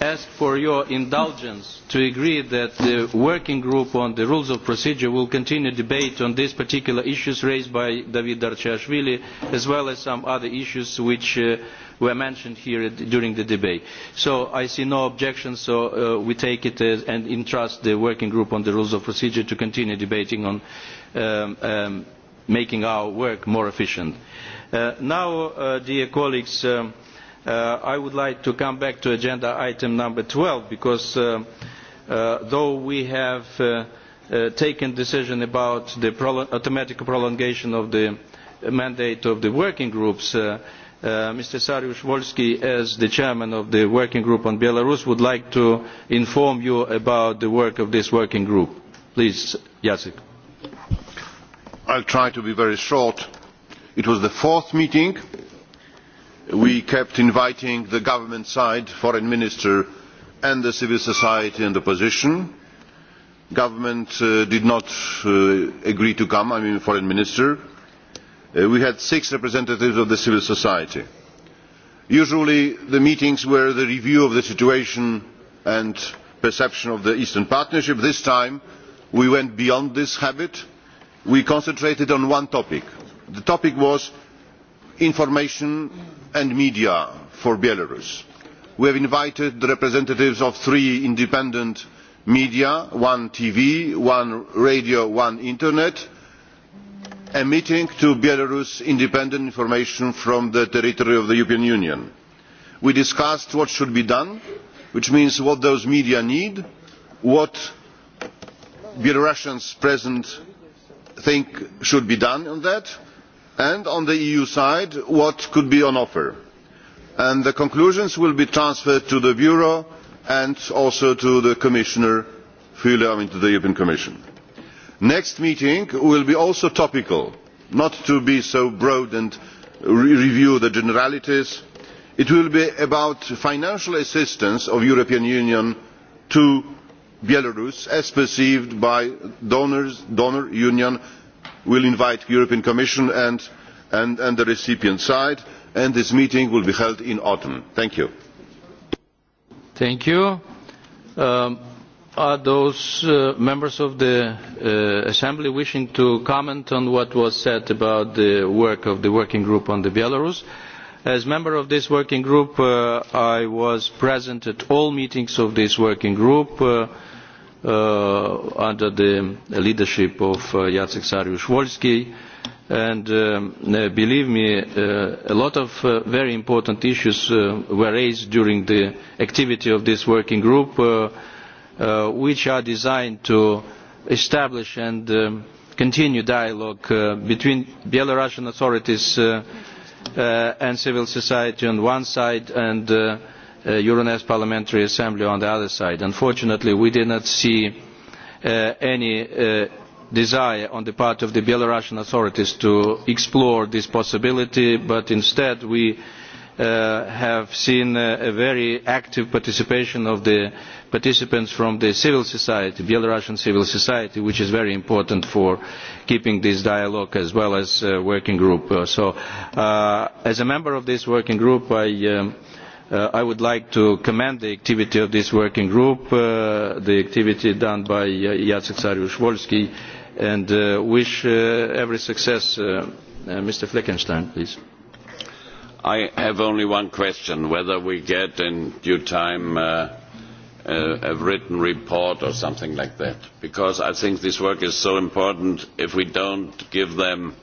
Speaker 1: ask for your indulgence to agree that the working group on the rules of procedure will continue debate on these particular issues raised by David Darchashvili as well as some other issues which uh, were mentioned here during the debate. So I see no objection, so uh, we take it as, and entrust the working group on the rules of procedure to continue debating on um, um, making our work more efficient. Uh, now, dear colleagues, um, Uh, I would like to come back to agenda item number 12 because uh, uh, though we have taken decision about the automatic prolongation of the mandate of the working groups mr saryusz wolski as the chairman of the working group on belarus would like to inform you about the work of this working group. please jacek.
Speaker 14: i will try to be very short. it was the fourth meeting we kept inviting the government side foreign minister and the civil society and the opposition. the government uh, did not uh, agree to come i mean the foreign minister. Uh, we had six representatives of the civil society. usually the meetings were the review of the situation and perception of the eastern partnership. this time we went beyond this habit. we concentrated on one topic. the topic was information and media for belarus. we have invited the representatives of three independent media one tv one radio one internet a meeting to belarus independent information from the territory of the european union. we discussed what should be done which means what those media need what belarusians present think should be done on that and on the eu side what could be on offer. And the conclusions will be transferred to the bureau and also to the commissioner fle I mean, to the european commission. the next meeting will be also topical not to be so broad and review the generalities. it will be about financial assistance of the european union to belarus as perceived by donors, donor union will invite the european commission and, the recipient side and this meeting will be held
Speaker 1: in autumn. thank you. Um, are those uh, members of the uh, assembly wishing to comment on what was said about the work of the working group on the belarus? as a member of this working group uh, i was present at all meetings of this working group Uh, under the leadership of uh, Jacek Saryusz-Wolski and um, uh, believe me a lot of very important issues were raised during the activity of this working group which are designed to establish and um, continue dialogue uh, between Belarusian authorities and civil society on one side and Uh, euronest parliamentary assembly on the other side. unfortunately we did not see uh, any uh, desire on the part of the belarusian authorities to explore this possibility but instead we have seen a very active participation of the participants from the civil society, Belarusian civil society, which is very important for keeping this dialogue as well as the working group. So, as a member of this working group, I um, Uh, I would like to commend the activity of this working group, uh, the activity done by uh, Jacek Sariusz-Wolski, and wish every success. Mr. Fleckenstein, please. I have only one
Speaker 17: question, whether we get in due time a written report or something like that, because I think this work is so important. If we don't give them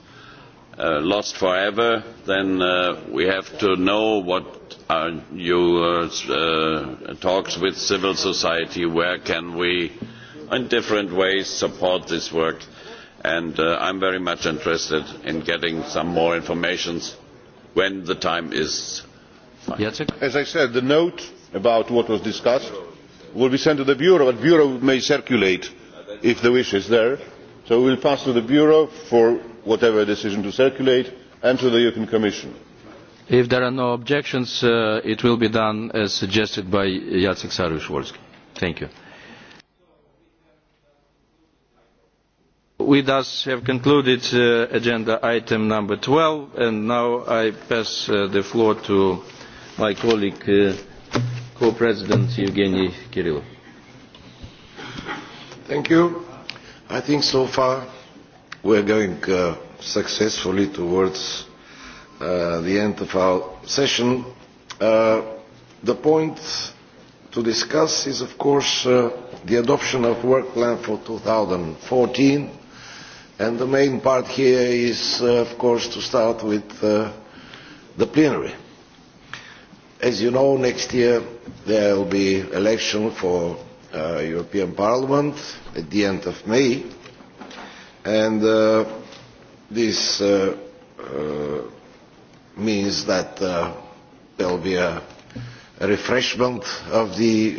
Speaker 17: Uh, lost forever, then uh, we have to know what are your uh, talks with civil society, where can we in different ways support this work and I am very much interested in getting some more information when the time is
Speaker 14: fine. As I said, the note about what was discussed will be sent to the Bureau, but the Bureau may circulate if the wish is there. So we will pass to the Bureau for whatever decision to circulate and to the european commission.
Speaker 1: if there are no objections uh, it will be done as suggested by jacek saryusz thank you. we thus have concluded uh, agenda item number twelve and now i pass uh, the floor to my colleague co president evgeny kirilov.
Speaker 10: thank you. i think so far we are going uh, successfully towards uh, the end of our session. Uh, the point to discuss is, of course, the adoption of work plan for 2014. And the main part here is, of course, to start with the plenary. As you know, next year there will be election for European Parliament at the end of May and uh, this uh, uh, means that uh, there will be a refreshment of the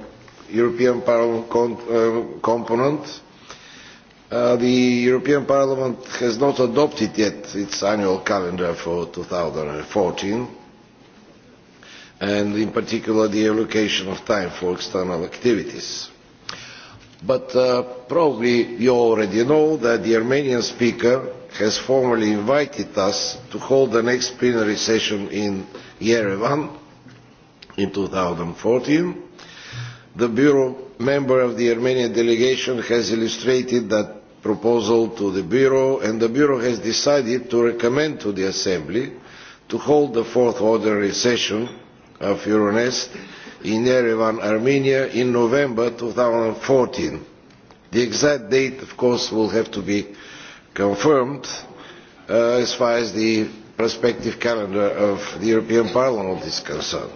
Speaker 10: uh, European Parliament uh, component. The European Parliament has not adopted yet its annual calendar for 2014 and in particular the allocation of time for external activities but uh, probably you already know that the Armenian speaker has formally invited us to hold the next plenary session in Yerevan in 2014. The Bureau member of the Armenian delegation has illustrated that proposal to the Bureau and the Bureau has decided to recommend to the Assembly to hold the fourth ordinary session of Euronest in Yerevan, Armenia in November 2014. The exact date, of course, will have to be confirmed uh, as far as the prospective calendar of the European Parliament is concerned.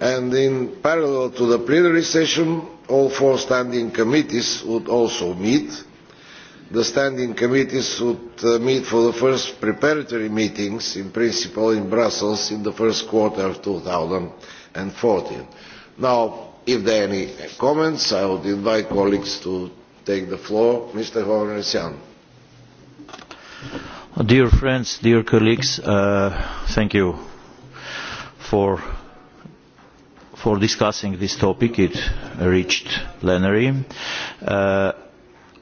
Speaker 10: And in parallel to the plenary session, all four standing committees would also meet. The standing committees would uh, meet for the first preparatory meetings in principle in Brussels in the first quarter of and and fourteen. Now, if there are any comments, I would invite colleagues to take the floor. Mr. Hovnesian.
Speaker 21: Dear friends, dear colleagues, uh, thank you for for discussing this topic. It reached plenary. Uh,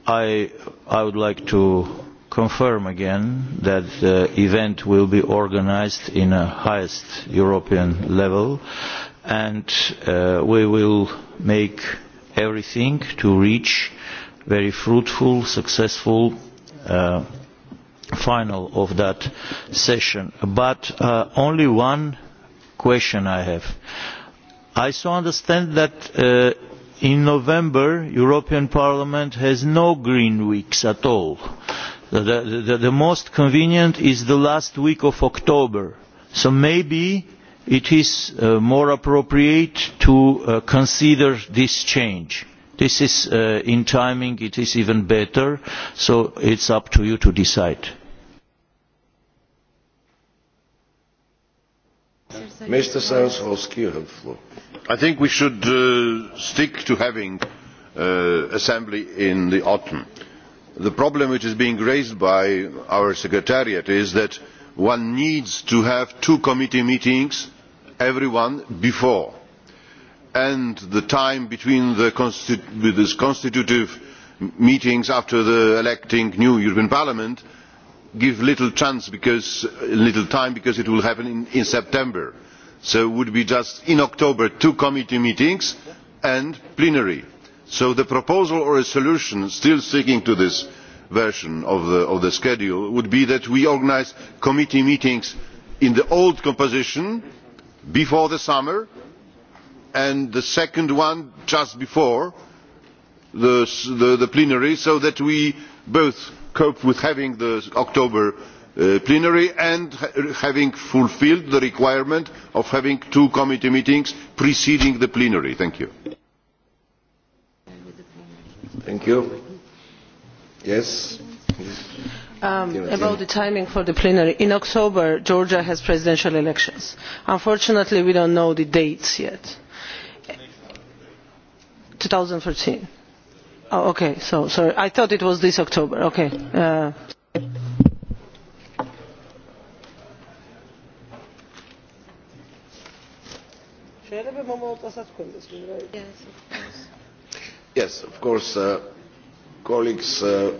Speaker 21: I I would like to confirm again that the event will be organized in the highest European level and uh, we will make everything to reach very fruitful, successful uh, final of that session. But uh, only one question I have. I so understand that in November European Parliament has no green weeks at all. The, the most convenient is the last week of October. So maybe it is uh, more appropriate to uh, consider this change. This is uh, in timing it is even better, so it is up to you to decide.
Speaker 14: Mr I think we should stick to having assembly in the autumn. The problem which is being raised by our secretariat is that one needs to have two committee meetings everyone before and the time between the constitutive meetings after the electing new european parliament give little, chance little time because it will happen in, september so it would be just in october two committee meetings and plenary. so the proposal or a solution still sticking to this version of the schedule would be that we organise committee meetings in the old composition before the summer and the second one just before the, plenary so that we both cope with having the october uh, plenary and having fulfilled the requirement of having two committee meetings preceding the plenary. thank you.
Speaker 19: Um, about the timing for the plenary in october georgia has presidential elections. unfortunately we do not know the dates yet. two thousand and oh i thought it was this october uh,
Speaker 10: yes of course uh, colleagues uh,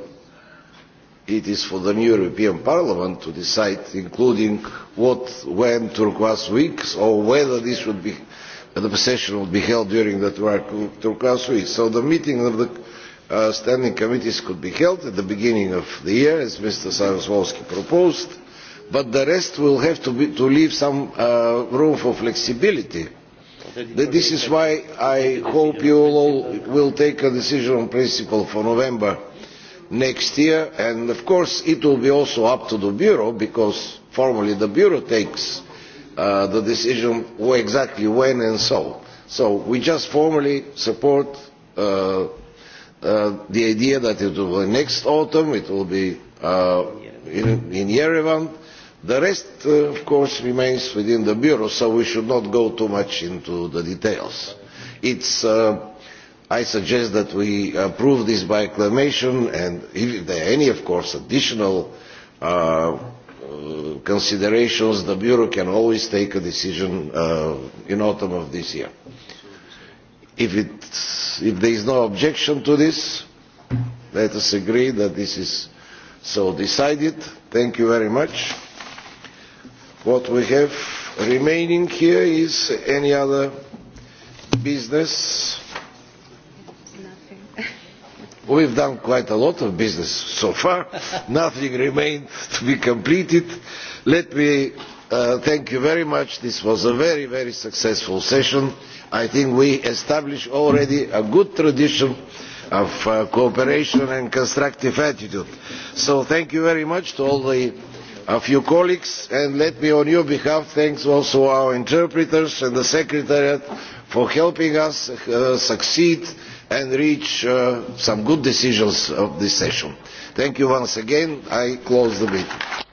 Speaker 10: it is for the new European Parliament to decide, including what, when turquoise weeks or whether this would be the session would be held during the turquoise week. So the meeting of the uh, standing committees could be held at the beginning of the year, as Mr. Sarzowski proposed, but the rest will have to, be, to leave some uh, room for flexibility. This is why I hope you all will take a decision on principle for November next year and of course it will be also up to the bureau because formally the bureau takes uh, the decision exactly when and so so we just formally support uh, uh, the idea that it will be next autumn it will be in, in Yerevan the rest of course remains within the bureau so we should not go too much into the details it's i suggest that we approve this by acclamation and if there are any, of course, additional uh, uh, considerations, the Bureau can always take a decision uh, in autumn of this year. If, if there is no objection to this, let us agree that this is so decided. Thank you very much. What we have remaining here is any other business we have done quite a lot of business so far nothing remains to be completed. let me uh, thank you very much this was a very very successful session. i think we established already a good tradition of uh, cooperation and constructive attitude so thank you very much to all the, of you colleagues and let me on your behalf thank also our interpreters and the secretariat for helping us uh, succeed and reach uh, some good decisions of this session. Thank you once again. I close
Speaker 14: the meeting.